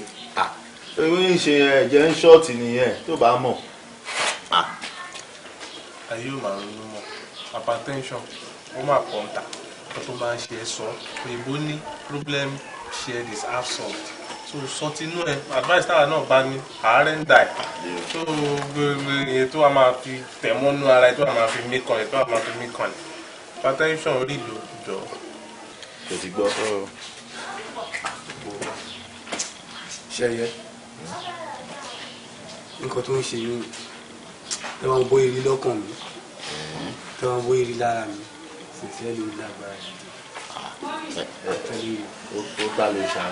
ewé ń ṣe yẹn jẹ́ ń ṣọ́ọ̀tì nìyẹn tó bá mọ̀. ayé ò máa ronú mọ́ hypertension ó máa pọ̀ ń tà kó tó máa ṣe é sọ òyìnbó ní problem shared is half solved so sọtinú ẹ advice táwa náà bá ní àárẹ̀ ń dà ẹ̀ tó gbogbo ìyẹn tó a máa fi tẹ̀mọ́nú ara ẹ̀ tó a máa fi mí kan ẹ̀ tó a máa fi mí kan ẹ̀ hypertension rí ló jọ. ṣètìgbọ́ ṣẹyẹ nǹkan tó ń ṣe yín tẹ wọn bó eré lọ́kàn mi tẹ wọn bó eré lára mi sìnsẹ́ ló lágbára yìí. ó ta ló ṣá.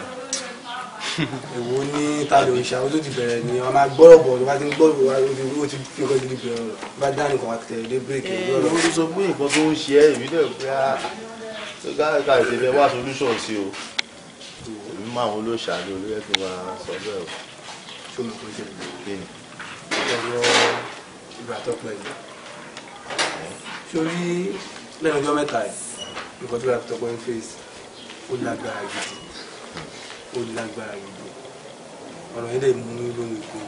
èwo ní ta ló ṣá ó tó ti bẹ̀rẹ̀ ni wọn máa gbọ́rọ̀ bọ̀ ló bá ti ń gbọ́rọ̀ wá ó ti fi nǹkan gidi bẹ̀rẹ̀ ọ̀rọ̀ bá dání kan àti tẹ̀lé bírèkì ọ̀rọ̀. ó sọ pé nǹkan tó ń ṣe ẹ́ ìbílẹ̀ pé ah, ká ìṣẹ̀lẹ̀ wá solution sí o èmi máa wọn ló ṣàlè olóyè tó máa sọ bẹ́ẹ̀ o ọ̀rọ̀ ìgbà tọpọ yìí sórí lẹ́nu ọjọ́ mẹ́ta yìí nǹkan tó yà tọpọ yìí fèsì ó lágbára gidi ó lágbára gidi ọ̀rọ̀ yìí lè mú mi lórí ikùn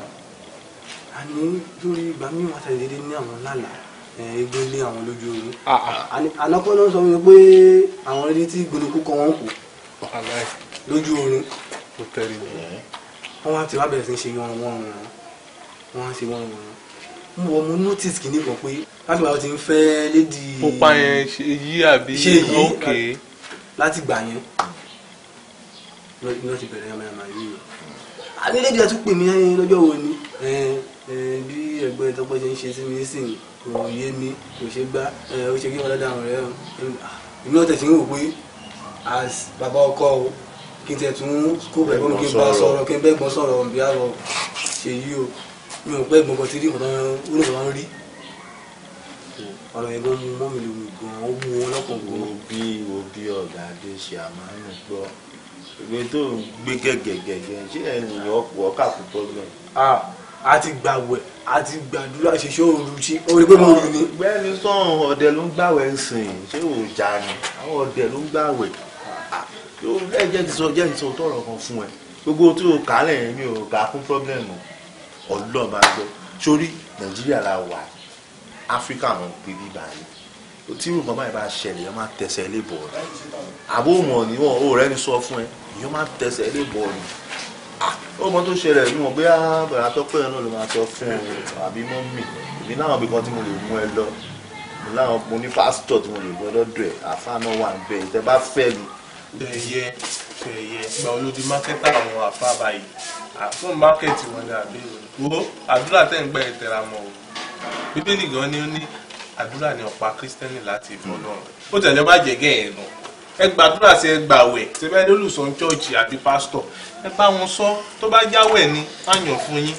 àní lórí ìgbà míì wọn àtàlẹ́ dédé ní àwọn lálàá egbò lé àwọn lójú oorun ah, ah. ànákọ́ náà sọ wípé àwọn ilé tí gbólókù kọ́ wọn kù lójú oorun wọ́n wá ti wá bẹ̀rẹ̀ sí ṣe yan wọn wọn wọ́n á ṣe wọ́n wọ́n mo wọ mo notice kìíní kan pé látìgbà tó ti ń fẹ́ lédi. pupa yẹn ṣe yí àbí ṣe yí láti gbà yẹn lọ́ọ́ ti bẹ̀rẹ̀ yamayama yìí o. àbí lédi àti pè mí lọ́jọ́ wo ni bí ẹ̀gbọ́n ìtọ́pẹ́ ṣe ń ṣe sí mi sí ni kò yé mi kò ṣe gbá ó ṣe kí wọ́n dáadáa rẹ̀ èmi náà tẹ̀sí ń wò pé as bàbá ọkọ o kí n tẹ̀ tún kó bẹ̀rẹ̀ kí n bá sọ̀rọ̀ kí n bẹ́ẹ̀ sọ̀rọ̀ on behalf ṣe yí o mi ò pẹ́ gbọ́ngàn ti rí nǹkan tó ń lò rí ọ̀rọ̀ yẹn gan mọ́ mi lòun gan ó mú wọn lọ́kàn gan. wo bí wo bí ọ̀gá adé ṣe àmánú gbọ́ ìwé tó ń gbé gẹ́gẹ́gẹ́gẹ́ ṣé ẹ̀yìn ọ̀pọ̀ ọ̀kà púpọ̀ gan. a ti gbàwẹ̀ a ti gbàdúrà ṣe ṣé òru ṣí orí pé mo rù ni. gbẹ́ni sàn ọ̀dẹ ló ń gbàwẹ̀ ń sìn ṣé ò já ni àwọn ọ̀dẹ ló ń gbàwẹ̀ yóò jẹ́ ti sọ jẹ́ ti sọ tọ̀rọ̀ kan fún ẹ gbogbo tí o kà á lẹ̀ mi ò kà á kún pírọ́blẹ̀mù ọlọ́run bá gbọ́ sórí nàìjíríà la wà áfíríkà wọn pé bíbá yìí tí irú nǹkan báyìí bá ṣẹlẹ̀ yẹn máa tẹsẹ̀ ilé bọ̀ ọ́ àbó mọ̀ ni wọn ò rẹ́ni sọ fún ẹ yẹn máa tẹsẹ̀ ilé bọ̀ ọ́ ni ọmọ tó ṣẹlẹ̀ ní wọn bóyá bàrà tọ́pẹ́ náà ló máa sọ fún ẹ àbí mọ́mì èmi láwọn ibìkan tí mo lè mú ẹ lọ mo láwọn mo ní pásítọ̀ tí mo lè gbọ́dọ̀ dọ̀ ẹ̀ àfa náà wà ń bẹ̀ ìtẹ́ bá fẹ́ mi. bẹ́ẹ̀ yẹ gbà olódi mákẹ́tà àwọn àfa báyìí fún mákẹ́tì wọn ni àbí wo àdúrà tẹ̀ ń gbẹ ìtẹ̀ra mọ́ o bíbélì gan ni ó ní àdúrà ni ọ̀pá kírísítẹ́nì láti ìbọn náà ó tẹ̀lé má jẹ́gẹ́ ẹ̀ nù ẹ gbàdúrà sí ẹ gbàwẹ̀ ṣe bẹ́ẹ̀ lólùsọ chọ́ọ̀chì àbí pásítọ̀ ẹ bá wọn sọ tó bá jáwẹ̀ ni á yàn fún yín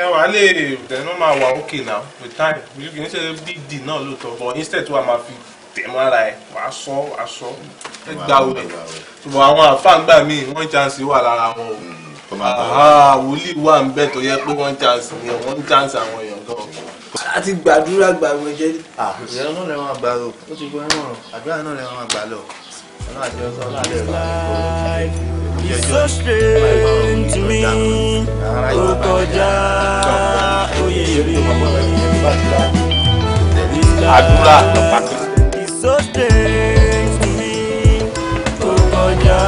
ẹ wà á lè tẹ̀nu máa wà ókè náà with time you can say big deal náà lóòótọ́ but instead wa máa fi tẹ̀mọ́ra ẹ̀ wàá sọ wàá sọ ẹ gbàwẹ̀ ṣùgbọ́n àwọn àfáàgbà míì wọ́n chance wà lára wọn o. Hmm wòlíì wà ń bẹ̀ tó yẹ pé wọ́n ń chance wọ́n ń àwọn èèyàn gan. a ti gbàdúrà gbàgbọ́ jẹ́. ìyá náà lè wọn gbà lọ ó ti gbọ́ ẹ̀wọ̀n àdúrà náà lè wọn gbà lọ ọlọ́run àti ọ̀sán ọlọ́run àti ọ̀sán. It's so strange to me. Ó kọjá òye rí. Àdúrà lọ pàtó. It's so strange to me. Ó kọjá.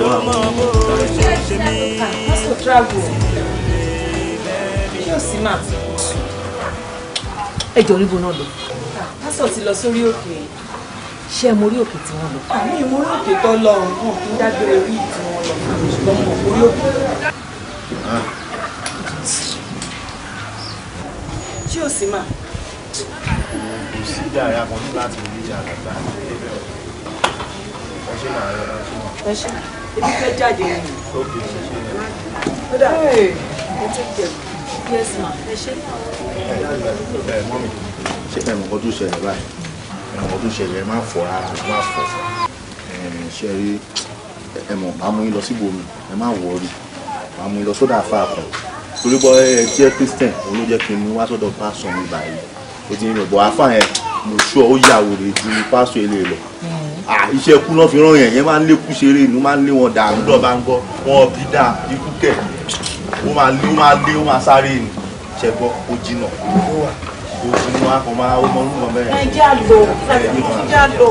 jọ àwọn ẹ jọ oríbo náà lọ. pásítọ̀ ti lọ sórí òkè. ṣé ẹ mọ orí òkè tí wọ́n lọ. àmì ìmúrí òkè tó lọ ọ̀hún kí n dágbére rí ìtì wọn lọ ṣùgbọ́n mo mọ̀ orí òkè. ṣé ò sí máa. kò sí ìjà ìyá ní láti orí ìjà ẹgbẹ́ ọ̀hún ẹ ṣe máa rẹ ẹ ṣẹlẹ̀ báyìí ẹ mọ ọdún ṣẹlẹ̀ ẹ má fọ rárá ẹ má fọ ṣe rí ẹ mọ bá mú yín lọ síbò mi ẹ má wọrí bá mú yín lọ sódà fáà kan torí bọ ẹ jẹ́ christian òun kí n mú wá sọ́dọ̀ pásọ mi báyìí ó ti ń lọ bọ àfààyàn mo ṣọ ó yàwòrè ju pásọ ilé lọ iṣẹ́ ikú náà fi ràn yẹn yẹn máa ń lékú ṣeré inú máa ń lé wọn dànù dọ̀bà ń gbọ́ wọn bí dà ikú kẹ̀ ó máa lé ó máa lé ó máa sáré ni ṣe gbọ́ ó jìnà òfin wa kò máa ó mọ orúkọ bẹ́ẹ̀. ẹ jẹ́ àlò ẹ jẹ́ àlò.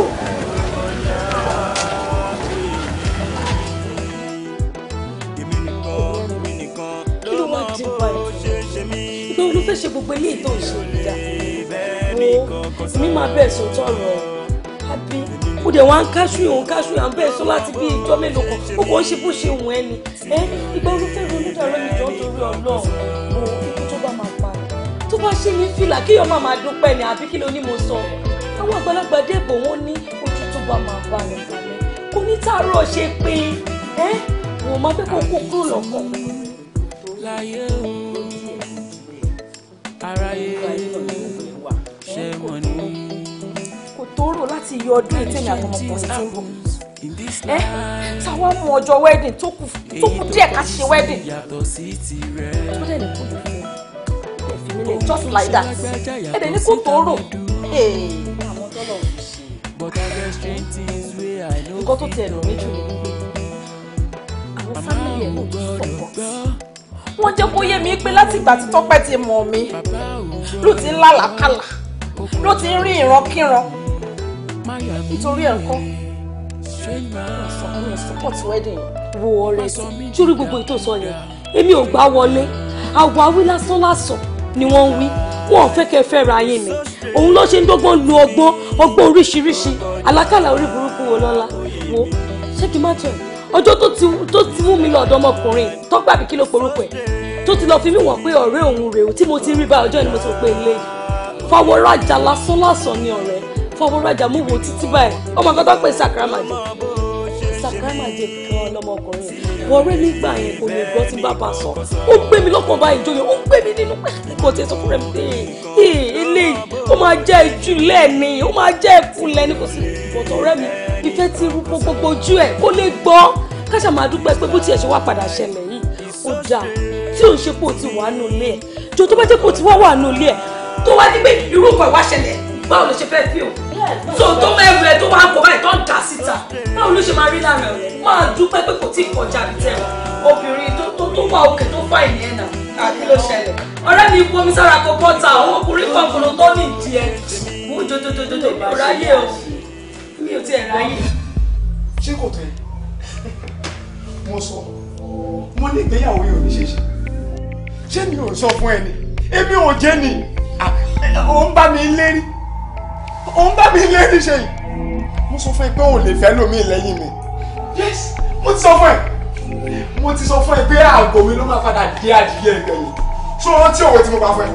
kí ló wá dé báyìí ìgbà wo fẹ́ ṣe gbogbo eléyìí tó ń ṣe ìdá mi máa bẹ̀ sọ́tọ̀ rọ̀ ó dẹ̀ wọ́n á ń káṣù ìhùn káṣù bẹ́ẹ̀ sọ láti bí ìjọ mélòó kan ó kò ń ṣe bó ṣe wùn ẹni ẹ ìgbà olùfẹ́ ronúdàrọ́ mi jọ ń torí ọlọ́run o tó bá máa pa tó bá ṣe ní fìlà kíyọ̀ máa máa dúpẹ́ ni àbí kí ló ní mo sọ àwọn àgbàlagbà dẹ́gbò wọn ní ojú tó bá máa bá rẹ̀ kò ní tààrọ̀ ṣe pé ẹ wọn máa fẹ́ kó kó kúrò lọ́kàn. kúrò láti iye ọdún ìtẹ̀mí àtọmọkùnrin tí ń bọ̀ ẹ táwa mú ọjọ́ wedding tó kù díẹ̀ ká ṣe wedding ó dẹ̀ ní kó dùn fún mi just like that ẹ dẹ̀ ní kó tó nǹkan tó tiẹ̀ lọ méjì ni àwọn fámìlì ẹ̀ ló sọ̀kọ̀ wọ́n jẹ́ kó yé mi pé láti ìgbà tí Tọ́pẹ́ ti mọ̀ mi ló ti ń lálàkàlà ló ti ń rí ìrankíran nítorí ẹ̀ ń kọ́ ọ̀sán support wedding wo ọ̀rẹ́ sí sórí gbogbo ètò sọ yẹn èmi ò gbá wọlé àwáwí lásán lásán ni wọ́n ń wí wọn ò fẹ́ kẹ́ fẹ́ ra yín ni òun ló ṣe ń dọ́gbọ́n lu ọgbọ́n ọgbọ́n oríṣiríṣi àlákàlà orí burúkú wo lọ́la wo ṣé kí n má jẹun ọjọ́ tó ti wú mi lọ́dọ̀ ọmọkùnrin tọ́gbà bí kí ló porúkọ ẹ̀ tó ti lọ fi mí wọ̀n pé ọ̀rẹ́ òun rèé tí mo ti rí bá ọjọ́ ni mo ti rò pé ilé yìí lásán lásán ni ọ̀rẹ́ fọwọ́ rajà mú wo títí báyìí ọmọ kan tó pè sàkàràmàjẹ sàkàràmàjẹ kan lọmọkùnrin wọré nígbà yẹn kò lè gbọ́ tí bàbá sọ ó gbé mi lọ́kàn báyìí jóyè ó gbé mi nínú pé kò tẹ̀ sọ fún rẹ̀ pé eléyìí ó máa jẹ́ ìjúlẹ̀ ni ó máa jẹ́ ìkúnlẹ̀ ni kò sí ìbọ̀tọ̀ rẹ̀ mi ìfẹ́ ti rú gbogbo ojú ẹ̀ kó lè gbọ́ káṣà máa dúpẹ́ pé bó tiẹ̀ ṣe wá padà ṣẹlẹ̀ yìí ó dáa tí ò ń ṣe pé o ti wà nù ilé ẹ̀ jọ tó bá jẹ́ pé o ti wá wà nù ilé ẹ̀ tó wá ní pé irú nǹkan ìwáṣẹlẹ̀ báwo ló ṣe fẹ́ fi hàn so tó mẹ́rù ẹ tó wá kó báyìí tó ń dà síta báwo ló ṣe máa rí lára ẹ máa dúpẹ́ pé kò tí ì kọjá mi tẹ̀ obìnrin tó tó tó wà òkè tó fà ìyẹn náà àbí ló ṣẹlẹ̀ ọ̀rẹ́ mi bomi sára kó bọ́ta àwọn ọkùnrin kan kò ló tọ́ ní ìdí ẹ mú jojojojo mi ò ráyè o mi ò tiẹ̀ ráyè. ṣé kò tẹ̀ mo sọ mo ní ìgbéyàwó yìí ò ní ṣe ṣe ṣé mi ò sọ fún ẹ ni èmi ò jẹ́ ni ò ń bá mi lérí òun bá mi lé ní ṣe yìí mo sọ fún ẹ pé òun lè fẹ́ lómi lẹ́yìn mi yes mo ti sọ fún ẹ mo ti sọ fún ẹ pé àgọ́ mi ló máa padà dé adìyẹ ìgbẹ̀yìn tó rántí òwe tí mo bá fún ẹ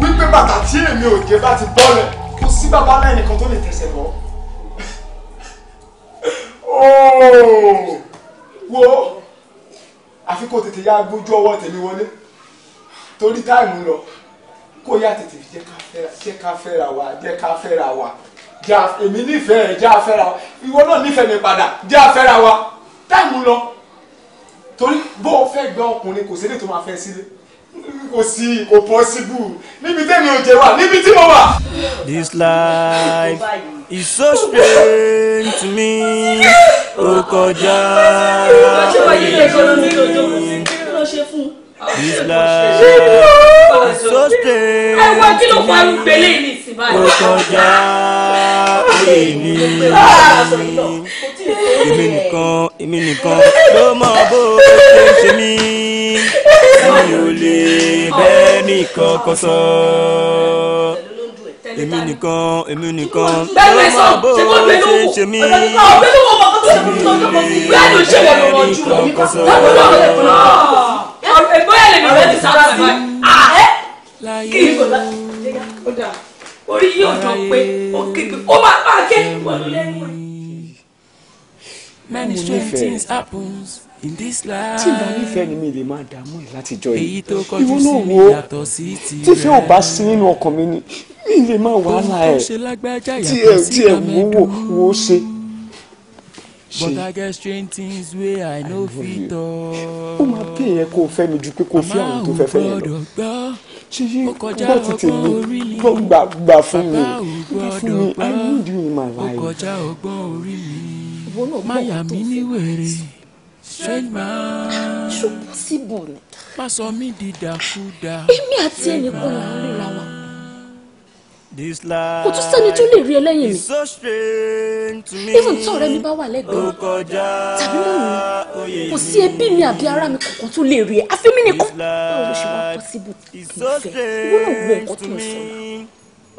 wípé bàtà tí èmi ò dé bá ti bọ́lẹ̀ kò sí bàbá náà nìkan tó lè tẹ̀sẹ̀ bọ́ wo àfi kó tètè yá gbójú ọwọ́ tèmi wọlé torí táìmù lọ kó yá tètè jẹ́ ká fẹ́ra jẹ́ ká fẹ́ra wa jẹ́ ká fẹ́ra wa já èmi nífẹ̀ẹ́ já fẹ́ra wa ìwọ náà nífẹ̀ẹ́ mi padà já fẹ́ra wa táìmù lọ torí bó o fẹ́ gbọ́ ọkùnrin kò sílé tó máa fẹ́ sílé kò sí kò pọ́síbù níbi tẹ́mi ò jẹ́ wà níbi tí mo wà. This life is so strange to me ó kọjá òye. This love so strange. Ẹ wá kí ló fọ arúgbélé mi sí báyìí. Ó èmi èmi nìkan èmi nìkan ló mọ bó ṣe ń ṣe mí. Mi ò lè bẹ́ẹ̀ nìkan kan sọ. Èmi nìkan èmi nìkan ló mọ bó ṣe ń ṣe mí. Èmi ò lè bẹ́ẹ̀ nìkan kan sọ ni mo ti sábà bá ẹ kí ni kò dá orí yóò jọ pé ó képe ó máa bá ké wọn lẹ́nu many strange things happen in this life. tí ìgbà nífẹ̀ẹ́ ni mi lè máa dààmú ẹ̀ látijọ́ yìí ìwọ náà wo tífẹ́ ò bá sí nínú ọkàn mi ni mi lè máa wàhálà ẹ̀ tí ẹ̀ tí ẹ̀ wò wò ó ṣe but i get strange things wey i no fit talk. ó máa pè yẹn kó o fẹ́ mi ju pé kó o fi àwọn tó fẹ́ fẹ́ yẹn lọ. ṣíṣe gbọ́ tètè mi gbọ́ gbà gbà fún mi gbà fún mi i need you in my life. ó kọjá ọgbọ́n orí mi máyà mi ní wèrè strange man. ṣùgbọ́n síbò ni. má sọ mí di dàkúdà. èmi àti ẹnìkan là ń ríra wa kò tún sẹ́ni tó lè rí ẹ lẹ́yìn mi even tó ọ̀rẹ́ mi bá wà lẹ́gbẹ̀ẹ́ tàbí mọ̀ mi kò sí ẹbí mi àbí ara mi kankan tó lè rí ẹ àfi mí nìkan báwo ló ṣe wá pọ́síbù kì í fẹ́ wọ́n náà wọ ọkọ tó ń sọ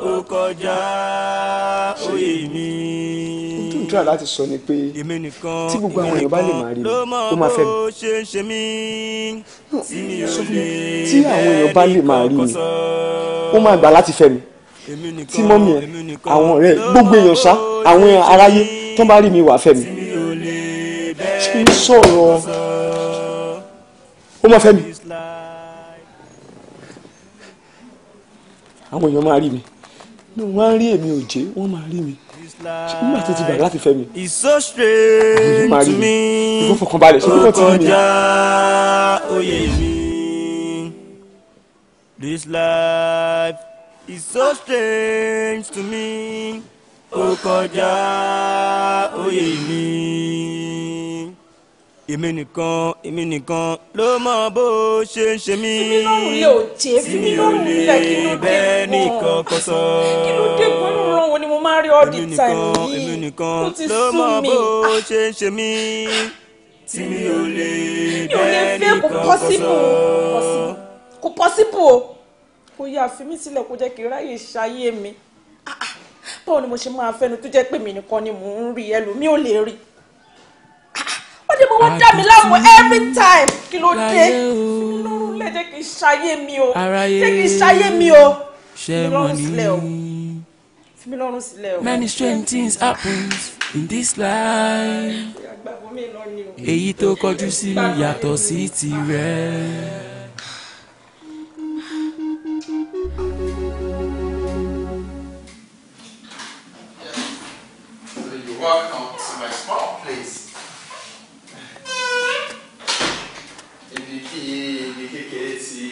ó kọjá ohun tó ń dúrà láti sọ ni pé tí gbogbo àwọn èèyàn bá lè máa rí mi ó máa fẹ́ mi. tí àwọn èèyàn bá lè máa rí mi ó máa gbà láti fẹ́ mi tí mọ́mí ẹ̀ àwọn ọ̀rẹ́ gbogbo èèyàn sá àwọn aráyé tó bá rí mi wà fẹ́ mi ṣé ń sọ̀rọ̀ ó má fẹ́ mi àwọn èèyàn máa rí mi wọ́n á rí èmi ò jẹ́ wọ́n máa rí mi ṣé nígbà tó ti bàrẹ̀ láti fẹ́ mi àwọn máa rí mi ìfowópamọ́balẹ̀ ṣé nígbà tó ti mi. This life is so strange to me ó kọjá òye mi. èmi nìkan èmi nìkan ló mọ bó ṣe ń ṣe mí. fimi lọ́rùn lè ò jẹ́ fimi lọ́rùn lè kí ló dé kọ́. bẹ́ẹ̀ nìkan kọ́ sọ. kí ló dé kọ́ nínú ọ̀ràn wo ni mo máa rí all the time yìí. èmi nìkan ló mọ bó ṣe ń ṣe mí. tí mi ò lè bẹ́ẹ̀ nìkan kọ́ sọ. kò possible o kò possible o kó yá fi sílẹ̀ kó jẹ́ kí ráyè ṣayé mi ah, ah, báwo ni mo ṣe máa fẹ́nu tó jẹ́ pé mi nìkan ni mò ń rí ẹlòmíì ò lè rí ah, ó dé mo wá dá mi láàmú every time kí ló dé mi lọ́rùn jẹ́ kí ṣayé mi o jẹ́ kí ṣayé mi o fi lọ́rùn sílẹ̀ o. many strange things happen in this life èyí tó kọjú sí mi yàtọ̀ sí tirẹ̀.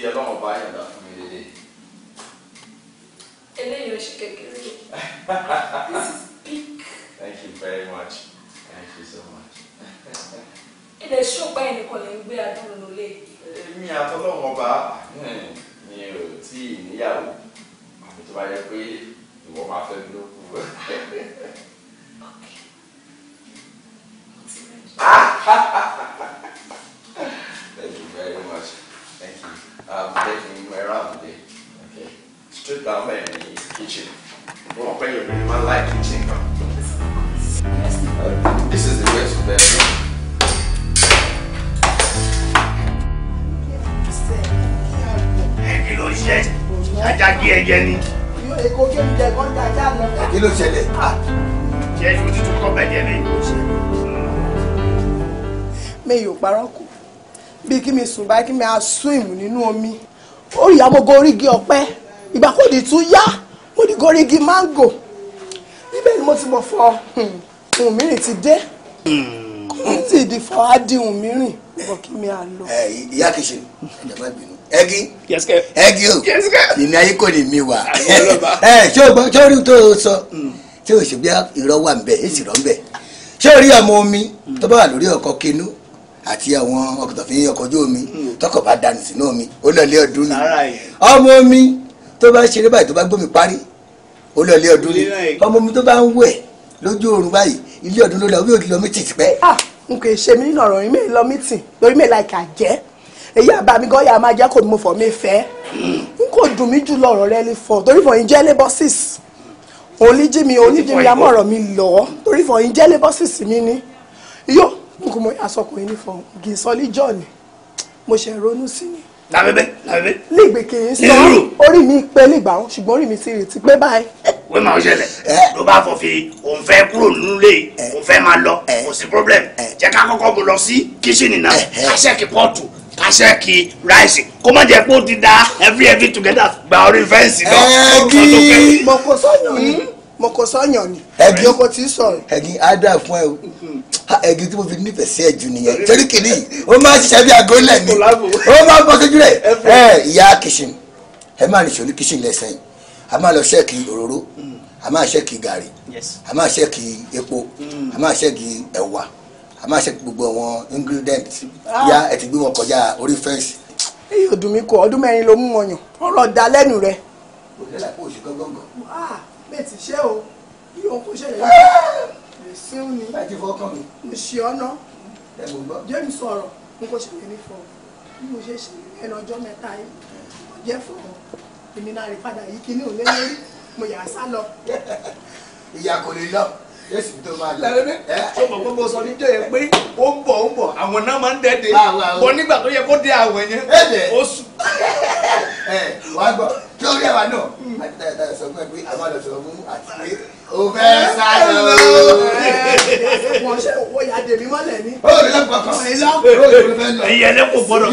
ọlọ́run bá yàn náà fún mi lélẹ̀. eléyìí ò kékeré this is big. thank you very much thank you so much. ilé ṣùgbọ́n ẹnìkan lè ń gbé adúlù nílé. èmi àtọ́lọ́wọ́n ọba hmm, mi ò tí ì níyàwó àfi tó bá yẹ pé ìwọ máa fẹ́ mi kú. (laughs) Thank you very much. I'm taking around today. Okay. Stood down by the kitchen. Wọ́n pẹ́ yóò ní máa láì kitchen This is the way to bedroom. Kí ló ṣe? Ajá kí ẹ jẹ ni. Èkó kí n jẹ kán dá ajá lọ. Kí ló ṣẹlẹ̀? Ah. Ṣé ojú tó kọ́ bẹ̀jẹ̀ mi? Mi ò parọ́ kù bíi kí mi sùn báyìí kí mi á swim nínú omi ó yá mo gorígi ọ̀pẹ ìgbà kò dì tún yá mo di gorígi mango níbẹ̀ ni mo ti mọ̀ fọ hmm, ohun mìíràn ti dé kò tí ì di fọ adihun mìíràn bọ̀ kí mi á lọ. ìyá kìsìn ẹ̀jẹ̀ má bínú ẹgí ẹgí o mímí ayé kò ní mi wà ṣé o gbọ́ ṣé o rí tó hmm. o sọ tí o sì bí irọ́ wà ń bẹ̀ èsì rọ̀ ń bẹ̀ ṣé o rí ọmọ omi tó bá wà lórí ọkọ̀ kinu àti àwọn ọkọ̀tọ̀fín ọkọ̀jú omi tọkọ̀ bá dànù sínú omi ó lọ́ọ̀lẹ́ ọdún ni ọmọ omi tó bá ṣeré báyìí tó bá gbómi parí ó lọ́ọ̀lẹ́ ọdún ni ọmọ omi tó bá ń wẹ̀ lójú oorun báyìí ilé ọdún ló lọ bí òdi lọ mí tìtì pẹ́. Ah, n kò ṣe mí nínú ọ̀rọ̀ yìí mi lọ mítìn lórí mi láìka jẹ́ èyí àbá mi gọ́yà máa jẹ́ kò ní mo fọ̀ mí fẹ́ n kò dùn mí jù lọ́rọ̀ rẹ lè fọ̀ torí fọ̀ jẹ́ laboursis òun lè jí mi òun lè jí mi amọ̀rọ̀ mi lọ́ torí fọ̀ jẹ́ laboursis mi ni yóò n kò mọ asọkùnrin ní fọhùn gìsọlí john mo ṣe ronú sí ni. làbẹ́bẹ́ làbẹ́bẹ́. nígbè kì í sọ orí mi pẹ́ nígbà wọn ṣùgbọ́n orí mi ti rètí pé báyìí. wé máa ń ṣẹlẹ̀ eh. ló bá fọ fi òun fẹ́ kúrò nínú ilé eh. òun fẹ́ máa lọ eh. kò sí problem jẹ́ ká kọ́kọ́ mo lọ sí kíṣìnì náà káṣẹ́kì pọ́ọ̀tù káṣẹ́kì ráìsì kó má jẹ́ pé ó ti da every every together gba orí fẹ́ǹsì náà. ẹ kí mo kò sọyàn ni ẹgin ọkọ tí sọ̀rọ̀. ẹgin á dà fún ẹ o mm-hmm. ẹgin tí mo fi nífẹ̀ẹ́ sí ẹ̀jù nìyẹn torí kìíní (laughs) ó máa ń ṣiṣẹ́ bí aago lẹ̀ ni ó máa ń bọ́ sójú rẹ̀ ẹ ìyá kìsìn ẹ máa rìn sórí kìsìn lẹ́sẹ̀ yìí a máa lọ ṣẹ́ẹ̀kì òróró mm. a máa ṣẹ́ẹ̀kì gàrí a máa ṣẹ́ẹ̀kì epo mm. a máa ṣẹ́ẹ̀kì ẹ̀wà a máa ṣẹ́ẹ̀kì gbogbo àwọn ingredient ah. yá ẹ ti gbé wọn kọjá orí fẹ́ǹsì. èyí ò dùn mí kọ ọdún mẹ́rin ló mú wọn yàn ọ̀rọ̀ ọ̀dà lẹ́nu rẹ̀. òṣèlú bẹ́ẹ̀tì iṣẹ́ o kí òun kò ṣẹlẹ̀ lè sún ni mo ṣe ọ́nà jẹ́mi sọ̀rọ̀ mo kò ṣẹlẹ̀ ní fọ́ bí mo ṣe ṣe ẹnu ọjọ́ mẹ́ta yìí mo jẹ́ fọ́ èmi náà rí padà yìí kí ní òun lé lórí mo yà á sá lọ. ìyá kò lè lọ yéésì tó máa lọ. ṣé mo gbogbo sọ níjọ́ yẹn pé ó ń bọ̀ ó ń bọ̀ àwọn náà máa ń dẹ́dẹ́ bọ̀ nígbà tó yẹ kó dé àwọ̀ yẹn ó sùn. ẹ wàá gbọ́ tí ó rí àwa náà àti táyà táyà sọ pé àwọn àlọ́ sọ̀rọ̀ fún àti pé ó fẹ́ sá lọ. wọ́n ṣe owó ya dèmí mọ́lẹ̀ ni. ó rí lọ́pọ̀ kan ó rí lọ́pọ̀ fẹ́ lọ. ẹ̀yẹ lẹ́kọ̀ọ́ gbọ́dọ̀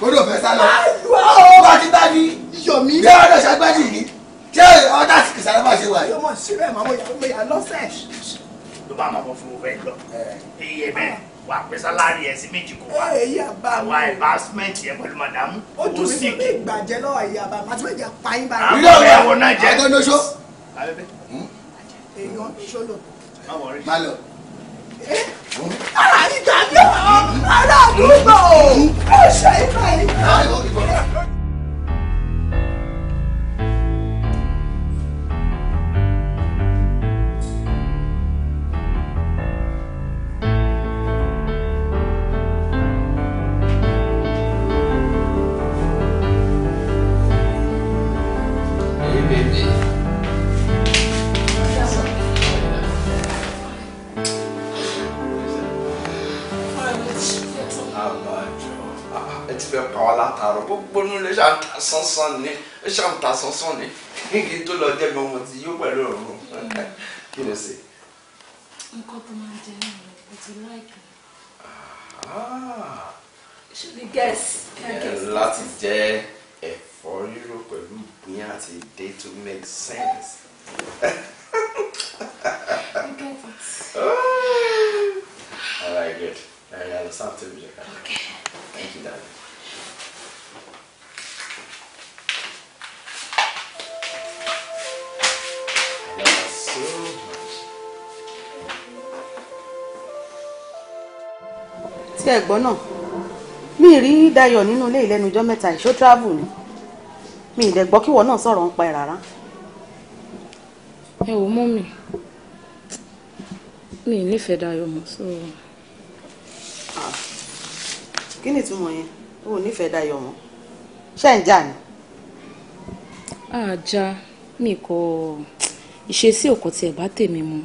kó ló fẹ́ sá lọ. wọ́n ti bá ní yọ̀mí. bí wọ́n lọ ṣàgbá nìyí ṣé ọ̀dà sì kìsàrẹ́ bá ṣe wà yìí. yọmọ ṣe bẹ́ẹ̀ màmú ìyá lọ́sẹ̀. ló bá mọ̀ fún un bẹ́ẹ̀ lọ iye bẹ́ẹ̀ wà pé sálárì ẹ̀ sí méjì kò wá wà embarrassment yẹn pẹ̀lú màdàmú. ó dùn mí pé ìgbàjẹ́ lọ́wọ́ ìyá bàbá àti méjì apáyín bá yẹn. àwọn ẹ̀wọ̀ náà jẹ́ àtọ́nóṣó. Hmm? èèyàn ṣọlọ. má lọ. Eh? Hmm? ara ìgbà náà ara àdúgbò ó ṣe ìgbà yìí. lóyún ló ṣàn ta sánsán ni ló ṣàn ta sánsán ni kí tó lọ jẹ́ gan mo ti yó pẹ̀lú ọ̀run kí ló ṣe. nǹkan tó máa ń jẹ náà lọ kò ti láìpẹ́. ṣe ni gẹ̀ẹ́sì. láti jẹ ẹ̀fọ́ rírò pẹ̀lú ìpín àti èdè tó make sense. I get it. Oh. All right, good. Okay. Thank you, darling. tí ẹ gbọ́ náà mi rí Dayọ̀ nínú ilé ìlẹ́nu ọjọ́ mẹ́ta ìṣó travel ni mi ì dẹ̀ gbọ́ kíwọ náà sọ̀rọ̀ ń pa ẹ̀ rárá. ẹ wò mọ́ mi mi nífẹ̀ẹ́ Dayọ̀ mọ́ so. kí ni ìtumọ̀ yẹn o ò nífẹ̀ẹ́ Dayọ̀ mọ́ ṣé ń jà ni. àjà mi kò ìṣesí ọkọ tí ẹ bá tèmi mu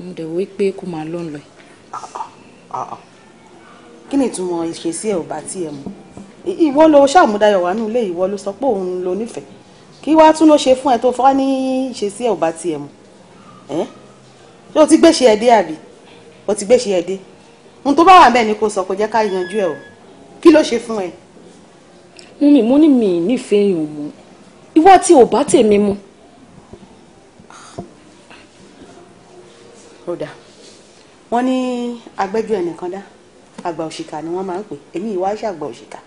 mo dẹ̀ wí pé kó máa lọ́nlọ́ ẹ̀ kí ni ìtumọ̀ ìṣesí ẹ̀ ò bá tiẹ̀ mu ìwọ ló ṣàmúdayọ̀ wà nínú ilé ìwọ ló sọ pé òun ló nífẹ̀ẹ́ kí wàá tún ló ṣe fún ẹ tó fọ́ ní ìṣesí ẹ̀ ò bá tiẹ̀ mu ẹ́ ṣé o ti gbéṣe ẹ dé àbí o ti gbéṣe ẹ dé ohun tó bá wà bẹ́ẹ̀ ni kò sọ kò jẹ́ ká yanjú ẹ o kí ló ṣe fún ẹ. mú mi mú ní mi nífẹ̀ẹ́ yòó mu ìwọ tí ò bá tèmi mu. ó dà wọ́n ní agbẹ́jọ́ ẹnìkan dá àgbà òṣìkà ni wọ́n máa ń pè èmi ìwà iṣẹ́ àgbà òṣìkà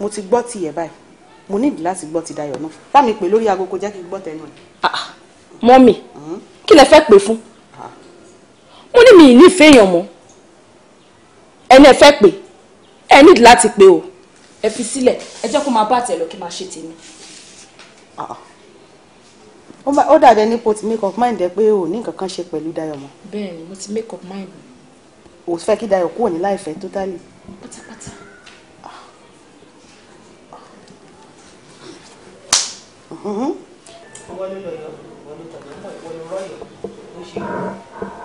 mo ti gbọ́ tìyẹ̀ báyìí mo nídìí láti gbọ́ ti Dayọ̀ náà bá mi pè lórí agogo jẹ́ kí n gbọ́ tẹnu ẹ̀. Ah, mọ́mì hmm? kí lẹ fẹ́ pè fún ah. mo ní mi ì nífẹ̀ẹ́ èèyàn mọ́ ẹni ẹ fẹ́ pè ẹ nídìí láti pè o ẹ fi sílẹ̀ ẹ jẹ́ kó máa bá àtẹ̀ lọ kí máa ṣe tèmi. Ah, ó dàbí ẹni pé o ti make up mind ẹ pé o ní nǹkan kan ṣe pẹ̀lú Dayọ̀ mọ́. bẹ́ẹ̀ni mo ti make up mind o fẹ́ kí Dayọ̀ kúrò ní láìfẹ́ totally. pátápátá. wọ́n ló lọ yọ wọ́n ló ló ṣe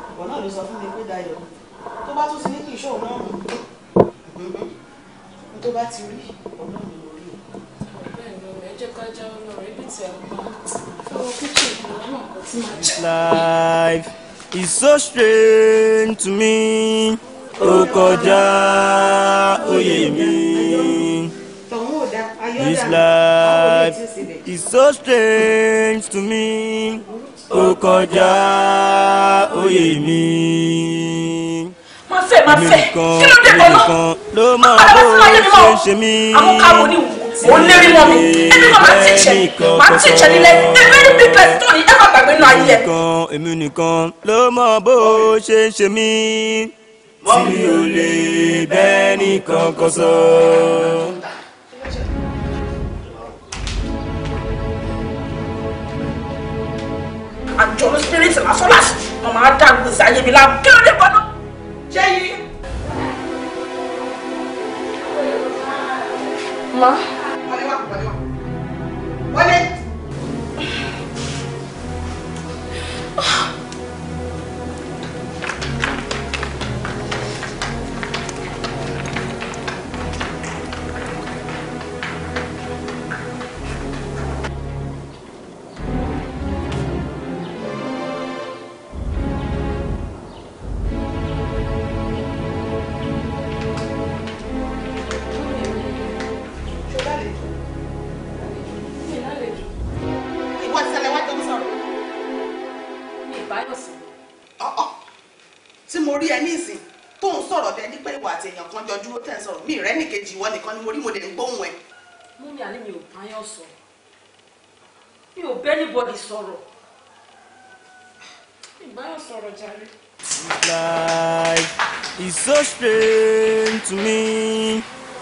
ìwọ náà ló sọ fún mi pé Dayọ̀ tó bá tún ti ní kì náà mú mm-hmm. tó bá ti rí ọlọ́run lórí o. bẹ́ẹ̀ ẹ jẹ́ ká jáwọ́ lọ́rọ̀ ibi tí a máa ń fọwọ́ kíkì ìpínlẹ̀ náà kò tí máa jẹ́ is so strange to me ó kọjá òye mi. This life is so strange to me ó kọjá òye mi. ma fẹ́ má fẹ́ kí ló dé bọ̀ náà? Àbẹ̀fọ́ ayé mi mọ̀ àwọn kárò ni wò mo ń lérí mọ́ mi ẹbí kan máa ti ìṣẹ́ máa ti ìṣẹ́ nílẹ̀ ẹbí ní bí bẹ́ẹ̀ tó ní ẹ má gbàgbé nínú ayé ẹ. èmi nìkan ló mọ bó ṣe ń ṣe mí tí mi ò lè bẹ́ẹ̀ nìkan kan sọ. àjọ spirit lásán láti wọn máa dá gbèsè ayé mi láàmú kí ló dé bọ́nú ṣé yìí. Ma. kejì ìwọ nìkan ni mo rí mo dẹ̀ ń gbóhùn ẹ̀. mú mi àní mi ò báyọ̀ sọ̀rọ̀ mi ò bẹ́ anybody sọ̀rọ̀ mi báyọ̀ sọ̀rọ̀ jàre. Life is so strange to me,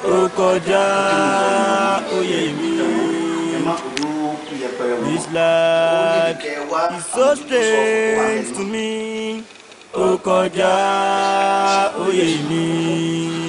ó kọjá òye mi. This life is so strange to me, ó kọjá òye mi.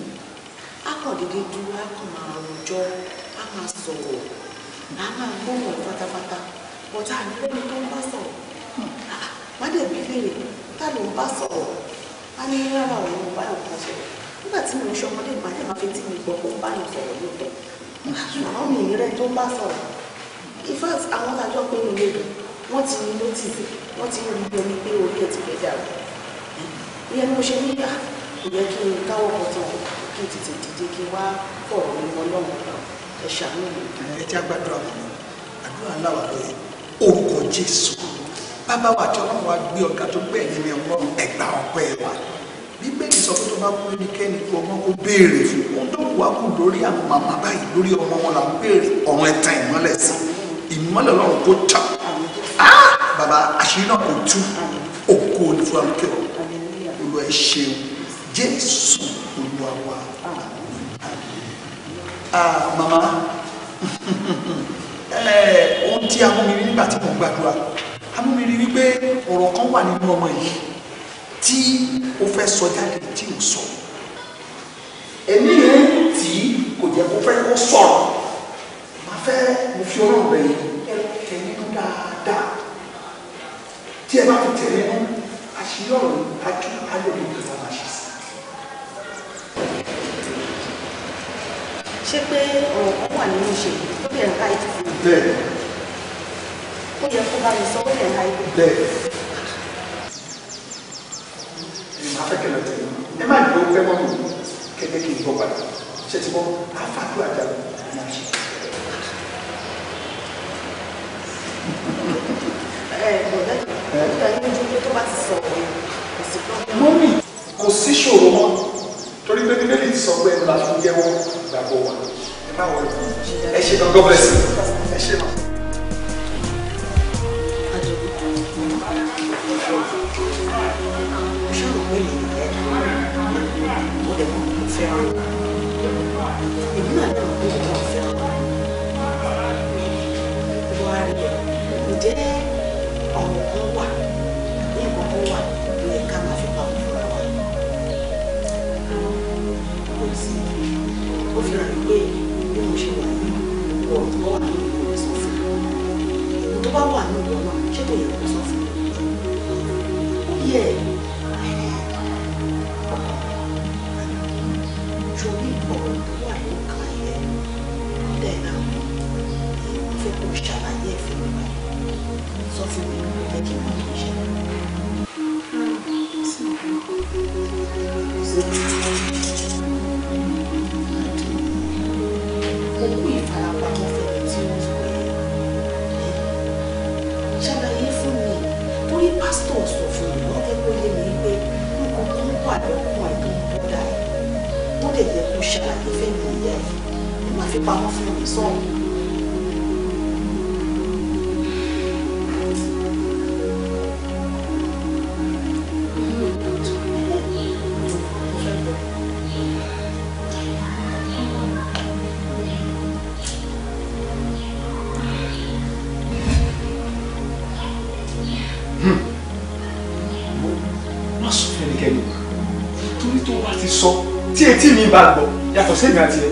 kàn dédé dúró á kàn máa rojọ́ á máa sọ̀rọ̀ á máa gbóhùn pátápátá ọ̀tá àdúrẹ́ni tó ń bá sọ̀rọ̀ hmm. má dẹ̀ bí léèrè tá ló ń bá sọ̀rọ̀ á ní rárá òun ò bá òun sọ̀rọ̀ nígbà tí mo ń ṣọmọdé má dẹ̀ má fi tí mi gbọ́ kó bá yàn sọ̀rọ̀ lóòótọ́ ṣùgbọ́n mi ìrẹ́ tó ń bá sọ̀rọ̀ in fact àwọn tá pé mi lè wọ́n ti ní notice wọ́n ti rí omi pé orí ẹ̀ ti fẹ́ dà ìyẹn ni mo ṣe ní ìyá ah, kò kí n káwọ́ kọ̀ọ̀tàn kí o tètè dìde kí n wá fọ̀rọ̀ mi mọ́ ẹ ṣàánú mi. ẹ jẹ́ àgbàdo àwọn ọmọ àdúrà ńlá lóye orúkọ Jésù bàbá wa tí ọlọ́run wa gbé ọ̀gá tó gbé ẹ̀yìn mi ọlọ́run ẹ̀gbà ọpẹ́ wa bíbélì sọ pé tó bá kú ẹnikẹ́ni kú ọmọ kó béèrè fún un tó wà kú lórí àwọn màmá báyìí lórí ọmọ wọn là ń béèrè ọ̀run ẹ̀tàn ìmọ́lẹ̀ sí ìmọ́lẹ̀ ọlọ́run kó tà ah! bàbá àṣírí náà kò tú òkú olùfúnra lókè olú ẹ ṣeun Jésù olúwa wa ah. Ah, màmá (laughs) eh, ohun tí amúmiri nígbà tí mo gbàdúrà amúmiri wípé ọ̀rọ̀ kan wà nínú ọmọ yìí tí o fẹ́ sọ jáde tí ò sọ èmi yẹn tí kò jẹ́ kó fẹ́ kó sọ̀rọ̀ máa fẹ́ mo fi ọlọ́run rẹ̀ ẹ tẹ̀ nínú dáadáa tí ẹ bá fi tẹ̀ nínú àṣírí ọ̀rọ̀ ayọ̀ ló ń ṣé pé ọ̀rọ̀ wà nínú ìṣèlú tó bẹ̀rẹ̀ ń bẹ́ẹ̀. ó yẹ kó bá mi sọ ó bẹ̀rẹ̀ ń ká ètò. bẹ́ẹ̀. afẹ́kẹ̀lẹ̀ tẹ̀ ẹ má dúró fẹ́ mọ́ mi kẹ́kẹ́ kí n bọ́ padà ṣe ti bọ́ àfàdú àjálù máa ṣe. ẹ bọ̀dẹ́ ọ̀dọ́ yín ojú tó bá ti sọ̀rọ̀ yẹn kò sí pọ́nmọ́. mọ́mì kò sí ṣòro mọ́ torí pé bíbélì sọ pé ńlá fún yẹwọ ìgbàgbọ́ wa ẹ má wọlé ẹ ṣe náà god bless you ẹ ṣe náà. Ǹjẹ́ bá wà ní ọ̀dọ̀ ọlọ́run ṣé kò yẹ kó sọ fún mi. ó yẹ yín bá gbọ́ yàtọ̀ sí èmi àti ẹ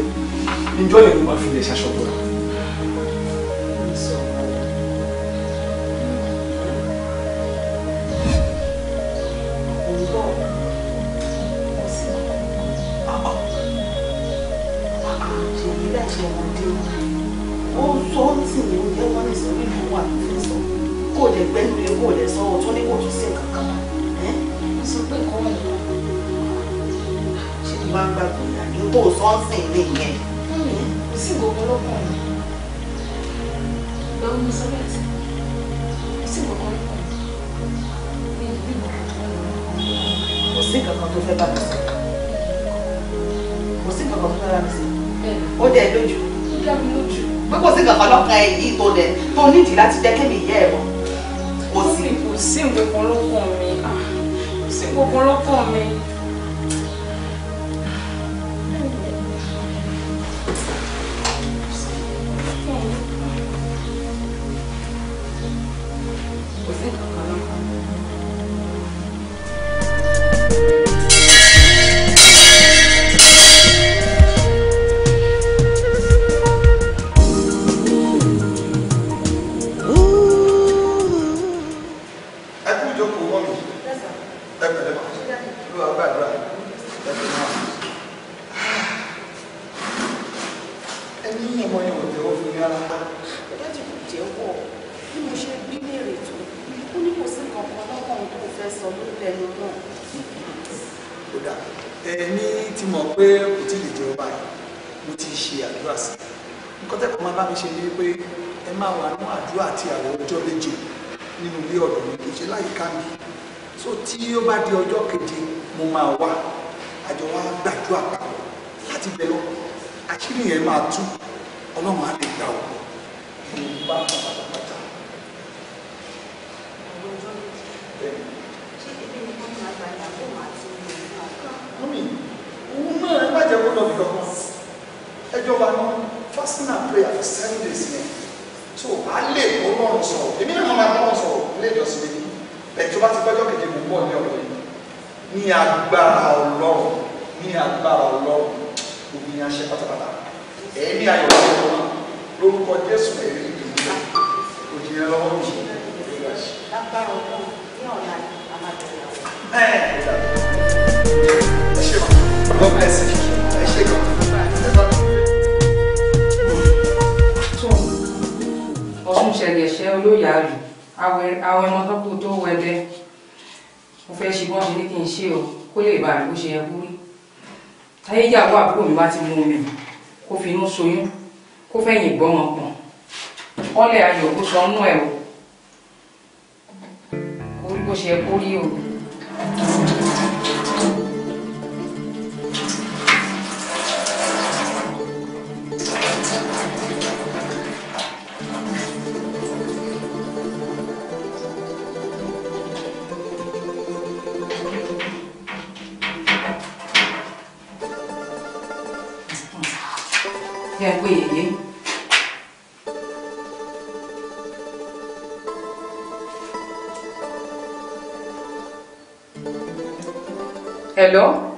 hello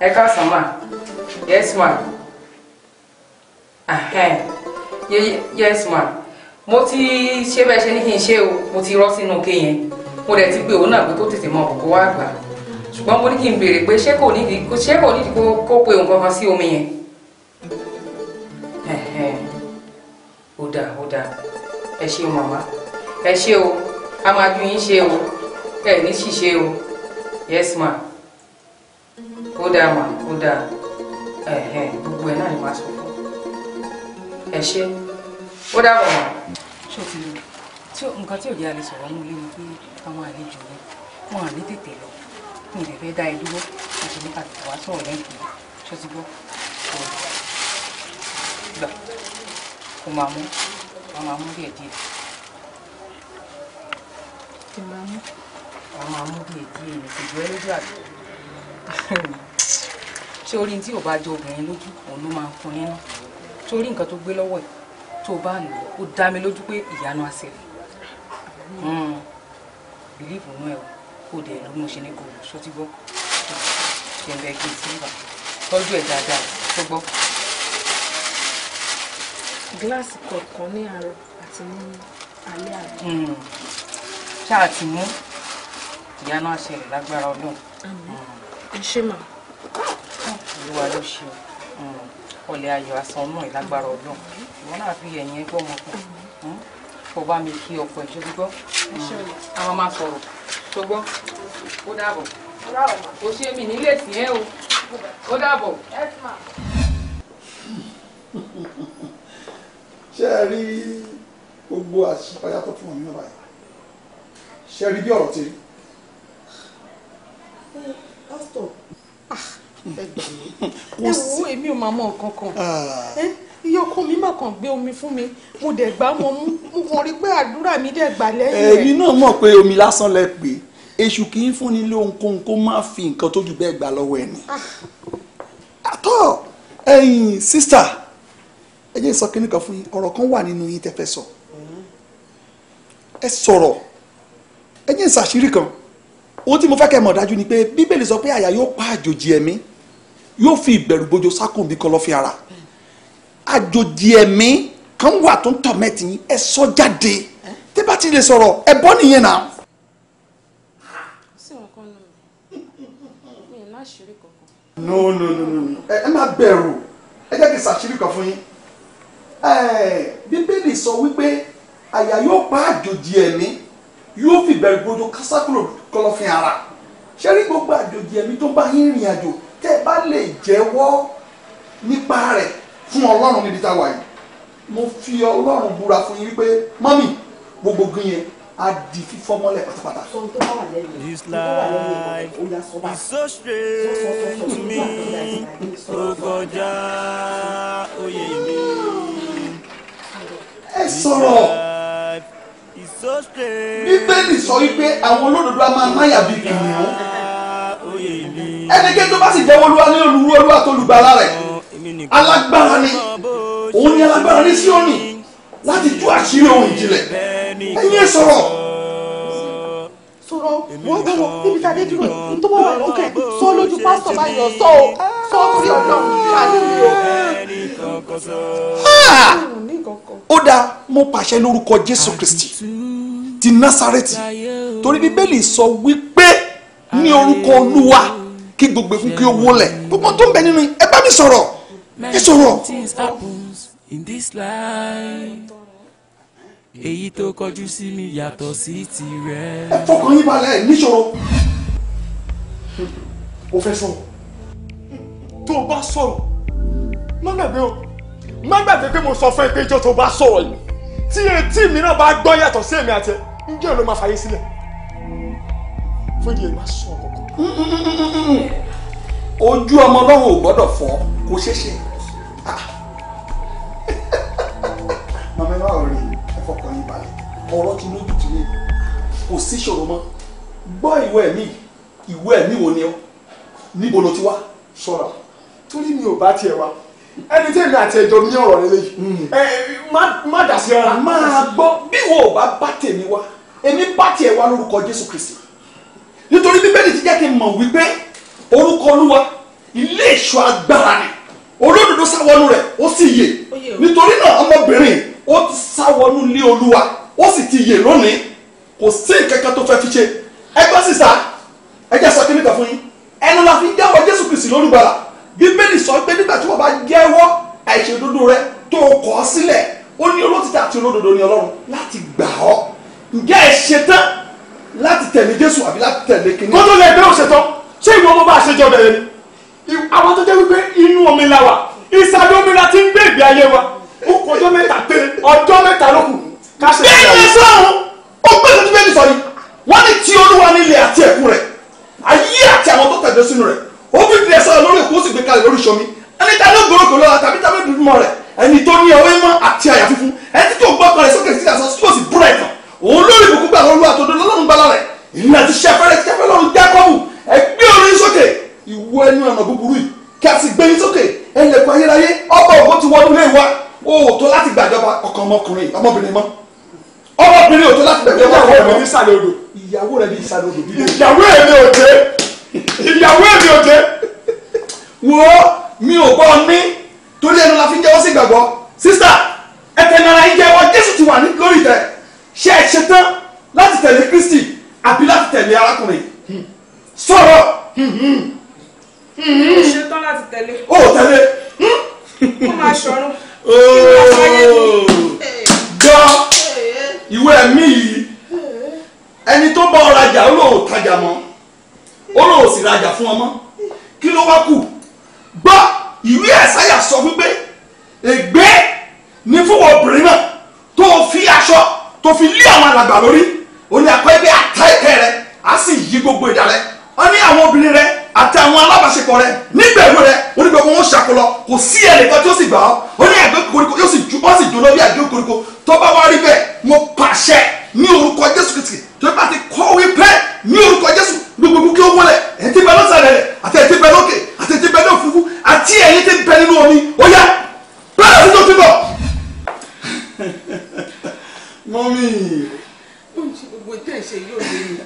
ẹ káàsán ma yes ma yes ma mo ti ṣe bẹ́ẹ̀ ṣe ní kí n ṣe o mo ti rọ́ sínú ké yẹn mo dẹ̀ ti pé òun náà pé kó tètè mọ kókó wá gbà ṣùgbọ́n mo ní kí n béèrè pé ṣé kò nídìí ṣé kò nídìí kó pe nǹkan kan sí omi yẹn ó dáa ó dáa ẹ ṣé màmá ẹ ṣé o a máa dùn yín ṣe o ẹ ní ṣìṣe o yes ma ó ma ó dáa gbogbo ẹ̀ náà ni màá sọ fún ẹ ṣe ó dáa wọ̀ ma. ṣó ti lò tí nǹkan tí òde alẹ́ sọ̀rọ̀ mú lé mi pé àwọn àlejò rẹ wọn à ní tètè lọ mi ò lè fẹ́ dá ẹ dúró àti nípa tètè wá sọ̀rọ̀ lẹ́yìn pé ṣó ti gbọ́ gbà kó máa mú máa mú díẹ̀ díẹ̀. máa mú a máa mú díẹ̀ díẹ̀ ní ṣùgbọ́n ẹlójú àgbẹ̀ (laughs) ṣé orí tí ò bá jẹ obìnrin lójú òun ló máa ń fún nínú torí nǹkan tó gbé lọ́wọ́ ẹ̀ tó bá lò ó dá mi lójú pé ìyanu á ṣẹlẹ̀ bìlíìfù nú ẹ̀ o kò dẹ̀ ló mú ṣe ní kò sọ ti gbọ́ ṣẹ̀ǹbẹ̀ kì í sí ibà tọ́jú ẹ̀ dáadáa tó gbọ́. gíláàsì kọ̀ọ̀kan ní àárọ̀ àti ní alẹ́ àná. Hmm. ṣáà ti mú ìyá náà ṣẹlẹ̀ lágbára ọlọ́run. Mm. ẹ ṣe mà. olúwa ló ṣe o mm. ọlẹ̀ ayọ̀ asán náà ìlágbára ọlọ́run ìwọ náà fi ẹ̀yìn ẹgbẹ́ ọmọ kan mm. kó bá mi kí ọkọ ẹjọ́ gbígbọ́ àwọn máa sọ̀rọ̀ tó gbọ́ ó dàbọ̀ ó ṣe mí nílé sí ẹ o ó dàbọ̀. ṣé ẹ rí gbogbo àṣìpayà tó fún mi báyìí ṣé rí bí ọ̀rọ̀ ti rí. Eh, ah, ẹ wo èmi ò máa mọ nǹkan kan ah. eh, iye ọkọ mi mà kàn gbé omi fún mi mo dẹ̀ gbá mo mú mo kàn rí pé àdúrà mi dẹ̀ gbà lẹ́yìn rẹ̀. ẹ̀yin náà mọ̀ pé omi lásán lẹ pé èṣù kì í fúnni lé ohunkóhun kó má fi nǹkan tó jù bẹ́ẹ̀ gbà lọ́wọ́ ẹ̀ ni. Ah. àtọ́ ẹ̀yin sísítà ẹ jẹ́ sọ kíní kan fún yín ọ̀rọ̀ kan wà nínú yín tẹ́ fẹ́ sọ mm-hmm. ẹ sọ̀rọ̀ ẹ jẹ́ ìsàṣírí kan ohun tí mo fẹ́ kẹ́ mọ̀ dájú ni pé bíbélì sọ pé àyà yóò pa àjòjì ẹ̀mí yóò fi ìbẹ̀rù bojo sákùn bí kọ̀lọ̀fín ara àjòjì ẹ̀mí kan wà tó ń tọ̀ mẹ́tì yín ẹ sọ jáde tẹ́ bá ti lè sọ̀rọ̀ ẹ bọ́ nìyẹn náà. no no no no ẹ má bẹ̀rù ẹ jẹ́ kí n ṣàṣírí kan fún yín bíbélì sọ wípé àyà yóò pa àjòjì ẹ̀mí yóò fi ìbẹ̀rù bojo sákùn kọ̀lọ̀fín ara ṣé rí gbogbo àjòjì ẹ̀mí tó bá yín rìn àjò tẹ́ ẹ bá lè jẹ́wọ́ nípa rẹ̀ fún ọlọ́run níbi tá yìí mo fi ọlọ́run búra fún yín wípé mọ́mì gbogbo gún yẹn á di fífọ́ mọ́lẹ̀ pátápátá. sọ tó bá wà lẹ́yìn tó bá wà lẹ́yìn ó yà sọ mi ó kọjá òye mi. ẹ sọ̀rọ̀ bíbélì sọ wípé àwọn olódodo a máa náyà bí kìnìún ẹnikẹ́ni tó bá sì jẹ́wọ́ olúwa ní olúwa olúwa tó lùgbàlà rẹ̀ alágbára ni òun ni alágbára ní síọ́nì láti tú àṣírí ohun ìjìnlẹ̀ ẹ̀yin sọ̀rọ̀. sọ̀rọ̀ wọ́n bá wọn níbi tàbí dúró yìí tó bá wà lókè sọ lójú pásítọ̀ bá yọ sọ o sọ orí ọlọ́run àdúgbò. ó dáa mo pàṣẹ lórúkọ jésù kristi ti Násárẹ́tì torí bíbélì sọ wípé ní orúkọ olúwa kí gbogbo egun kí ó wólẹ̀ gbogbo tó ń bẹ nínú ẹ bá mi sọ̀rọ̀ ẹ sọ̀rọ̀. èyí tó kọjú sí mi yàtọ̀ sí tirẹ̀. ẹ fọkàn yín balẹ̀ níṣòro o fẹ́ sọ̀rọ̀ tó o bá sọ̀rọ̀ má gbàgbé o má gbàgbé pé mo sọ fún ẹ pé ìjọ tó o bá sọ̀rọ̀ yìí tí etí mi náà bá gbọ́ yàtọ̀ sí èmi àti ẹ ǹjẹ́ ló máa fàyè sílẹ̀ fún ìdí èyí má sọ ọkọ̀. ojú ọmọ ọlọ́run ò gbọ́dọ̀ fọ́ kó ṣeé ṣe. Ah. (laughs) màmá ẹ wá ọ̀rẹ́ ẹ fọkàn yín balẹ̀ ọ̀rọ̀ ti lójú ti lé kò sí ìṣòro mọ́ gbọ́ ìwé mi ìwé mi wo ni ọ níbo ló ti wá ṣọ́ra torí mi ò bá tiẹ̀ wá ẹni tí èmi àti ẹjọ́ ní ọ̀rọ̀ lélẹ́yìí mm. má dà sí ara. máa gbọ́ bí wo ò bá bá tèmi wá èmi bá tiẹ̀ wá lórúkọ jésù kristi nítorí bíbélì ti jẹ́ kí n mọ̀ wípé orúkọ olúwa ilé ìṣọ́ agbára ni olódodo sáwọnú rẹ̀ ó sì yè nítorí náà ọmọbìnrin ó ti sáwọnú ilé olúwa ó sì ti yè lónìí kò sí kankan tó fẹ́ fi ṣe ẹgbẹ́ sísá ẹjẹ́ sọ kí nìkan fún yín ẹnu la fi ń jẹ́wọ́ jésù kristi lórúgbàlà bíbélì sọ pé nígbà tí wọ́n bá jẹ́wọ́ àìṣèdodo rẹ tó kọ̀ ọ́ sílẹ̀ ó ní olótìtà àti olódodo ni ọlọ́run láti gbà ọ́ ǹjẹ́ ẹ ṣetán láti tẹ̀lé Jésù àbí láti tẹ̀lé kìnìún. kó tó lè bẹ́ẹ̀ ṣetán ṣé ìwọ ọmọ bá ṣèjọ bẹ̀rẹ̀ ni àwọn tó jẹ́ wípé inú omi la wà ìsàlẹ̀ omi la ti ń gbé ìgbé ayé wa ó kọ ọjọ́ mẹ́ta péré ọjọ́ mẹ́ta ló kù ká ṣe ṣe àyè. bí ẹ sọ̀rọ̀ ó gbé ìtọ́jú bẹ́ẹ̀ nìsọ̀rí wọ́n ní ti olúwa nílé àti ẹ̀kú rẹ̀ ayé àti àwọn tó tẹ̀lé sínú rẹ̀ ó fi fi ẹ̀sọ́ lórí ìkó sì gbé kalẹ̀ lórí ìṣọ́mi ẹni tá ló gbòòrò gbòòrò tàbí tá ló dùn mọ́ rẹ̀ ẹni tó ní ọwé mọ́ àti àyà ẹni tó gbọ́ kan rẹ̀ sókè sí àṣọ tí kò sì búra ìtàn òun lórí ìbùkún gbà wọn lu àtòdó lọ́lọ́run gbà lọ́rẹ̀ ìlú àti sẹfẹrẹ sẹfẹ lọ́run jákọ́bù ẹ gbé orin sókè ìwọ ẹnu ọ̀nà búburú yìí kí a sì gbé yín sókè ẹlẹ́kùn ayérayé ọba ògbó ti wọnú ilé wa o ò tó láti gbàjọba ọkàn ọmọkùnrin ọmọbìnrin mọ́ ọmọbìnrin ò tó láti gbàjọba ọkàn ọmọbìnrin ìsàlẹ̀ odò ìyàwó rẹ̀ bí ìsàlẹ̀ odò bí ìyàwó èmi ò dé ìyàwó èmi ò dé wo mi ò bọ́ ní torí ẹnu la fi jẹ́wọ́ sí ìgbàgbọ́ sísá ẹ̀tẹ̀ nara yín jẹ́wọ́ Jésù ti wà lórí ìtẹ́ ṣé ẹ ṣetán láti tẹ̀lé Kristi àbí láti tẹ̀lé arákùnrin sọ̀rọ̀. ṣetán láti tẹ̀lé. o ò tẹ̀lé. ó máa ṣọrun. gbọ́ ìwé ẹ̀mí yìí ẹni tó bá ọ rajà ó lóò tajà mọ́ ó lóò sì rajà fún ọmọ kí ló wá kù gbọ́ ìwé ẹ̀sáyà sọ wípé ègbé ni fún obìnrin náà tó fi aṣọ tó fi lé àwọn alàgbà lórí ó ní akọ ẹgbẹ́ àtá ẹ̀kẹ́ rẹ á sì yí gbogbo ìdá rẹ ó ní àwọn obìnrin rẹ àti àwọn alábàṣepọ̀ rẹ nígbèrú rẹ ó ní gbogbo wọn ṣàkólọ kò sí ẹnìkan tí ó sì gbà ọ́ ó ní àgbẹ̀ koríko yóò sì ju ó sì jóná bí àgbẹ̀ koríko tó bá wá rí bẹ́ẹ̀ mo pàṣẹ ní orúkọ Jésù Kristi tó bá ti kọ́ wípé ní orúkọ Jésù gbogbo kí ó wọlé ẹ̀ ti bẹ lọ́sàlẹ̀ rẹ̀ àti ẹ̀ ti bẹ lókè àti ẹ̀ ti bẹ lófufu àti ẹ̀yin ti bẹ nínú omi ó yá bẹ́ẹ̀ sì tó ti bọ̀ mọ́mí. gbogbo tẹ̀ ṣe yóò yé mi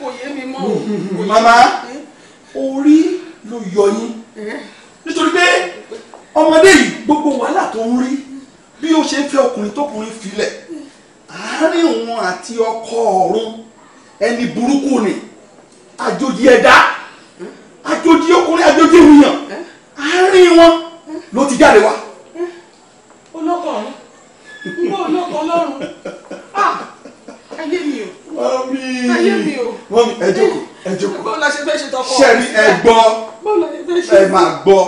kò yé mi mọ́ o. màmá orí ló yọ yín nítorí pé ọmọdé yìí gbogbo wàhálà tó ń rí bí ó ṣe ń fẹ́ ọkùnrin tókùnrin filẹ̀ àárín òun àti ọkọ ọ̀run ẹni burúkú ni àjòjì ẹ̀dá àjòjì ọkùnrin àjòjì ènìyàn àárín wọn ló ti jáde wá. olóko ọ̀run Iná ò ọlọ́run. Ah, ayé mi o. Mọ́mí. Ayé mi o. Mọ́mí ẹ jókòó ẹ jókòó. Báwo la ṣe fẹ́ ṣe tọkọ? Ṣẹ̀rí ẹ gbọ́. Báwo la ṣe fẹ́ ṣe? Ẹ máa gbọ́.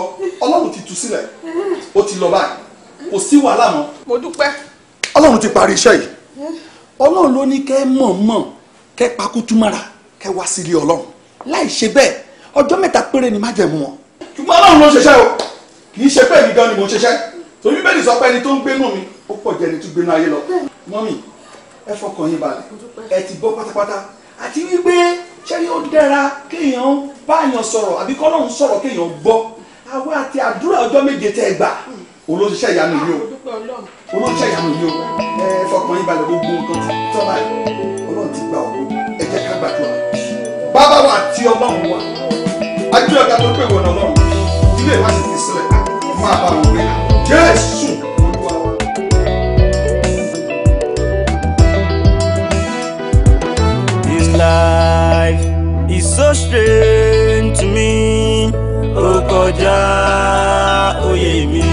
Ọlọ́run ti tú sílẹ̀. Ó ti lọ báyìí. Kò sí wàhálà mọ́. Mo dúpẹ́. Ọlọ́run ti parí iṣẹ́ yìí. Ọlọ́run ló ní kẹ́ mọ̀ mọ̀ kẹ́ pakútúmọ̀ra kẹ́ wá sílé Ọlọ́run. Láì ṣe bẹ́ẹ̀ ọjọ́ mẹ́ta péré ni má jẹ̀mú wọn. Ṣùgbọ́n Ọlọ́run ló ṣiṣẹ́ o. Kì í ṣe bẹ́ẹ̀ nìkan ni mo ṣiṣẹ́. Torí bẹ́ẹ̀ ni sọ pé ẹni tó ń gbénú mi ó pọ̀ jẹ́ ni tún gbénu ayé lọ mọ́mì ẹ fọkàn yín balẹ̀ ẹ ti bọ́ pátápátá àti wípé ṣẹ́ni ó dára kéèyàn báyàn sọ̀rọ̀ àbí kọ́lọ́hún sọ̀rọ̀ kéèyàn gbọ́ àwa àti àdúrà ọjọ́ méje tẹ́ ẹ gbà hmm. olóṣìṣẹ́ ìyanu yìí o olóṣìṣẹ́ ìyanu yìí o ẹ fọkàn yín balẹ̀ gbogbo nǹkan ti tọ́ báyìí ọlọ́run ti gbà ọ̀gbọ́n ẹ jẹ́ ká gbàdúrà bàbá wa àti ọlọ́run wa adúlọ̀ ká tó pè wọ́n ọlọ́run ilé ìwádìí life is so strange to me ó kọjá òye mi.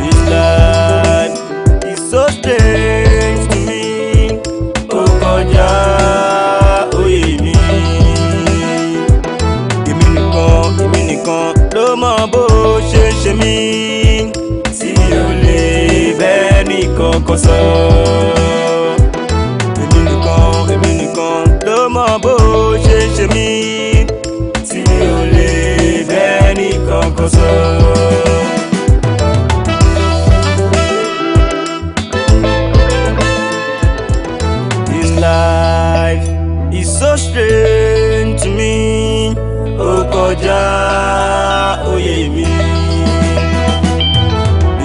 This life is so strange to me ó kọjá mi. Èmi nìkan èmi nìkan ló mọ bó ṣe ń ṣe mí tí mi oyè mi.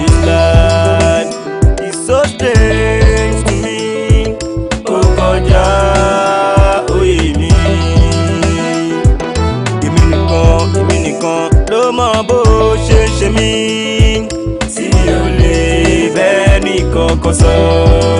England is so strange to me, ó kọjá oyè mi. Èmi nìkan, èmi nìkan ló mọ bó ṣe ṣe mí. Tí mi ò lè bẹ́ẹ̀ nìkan kan sọ. So.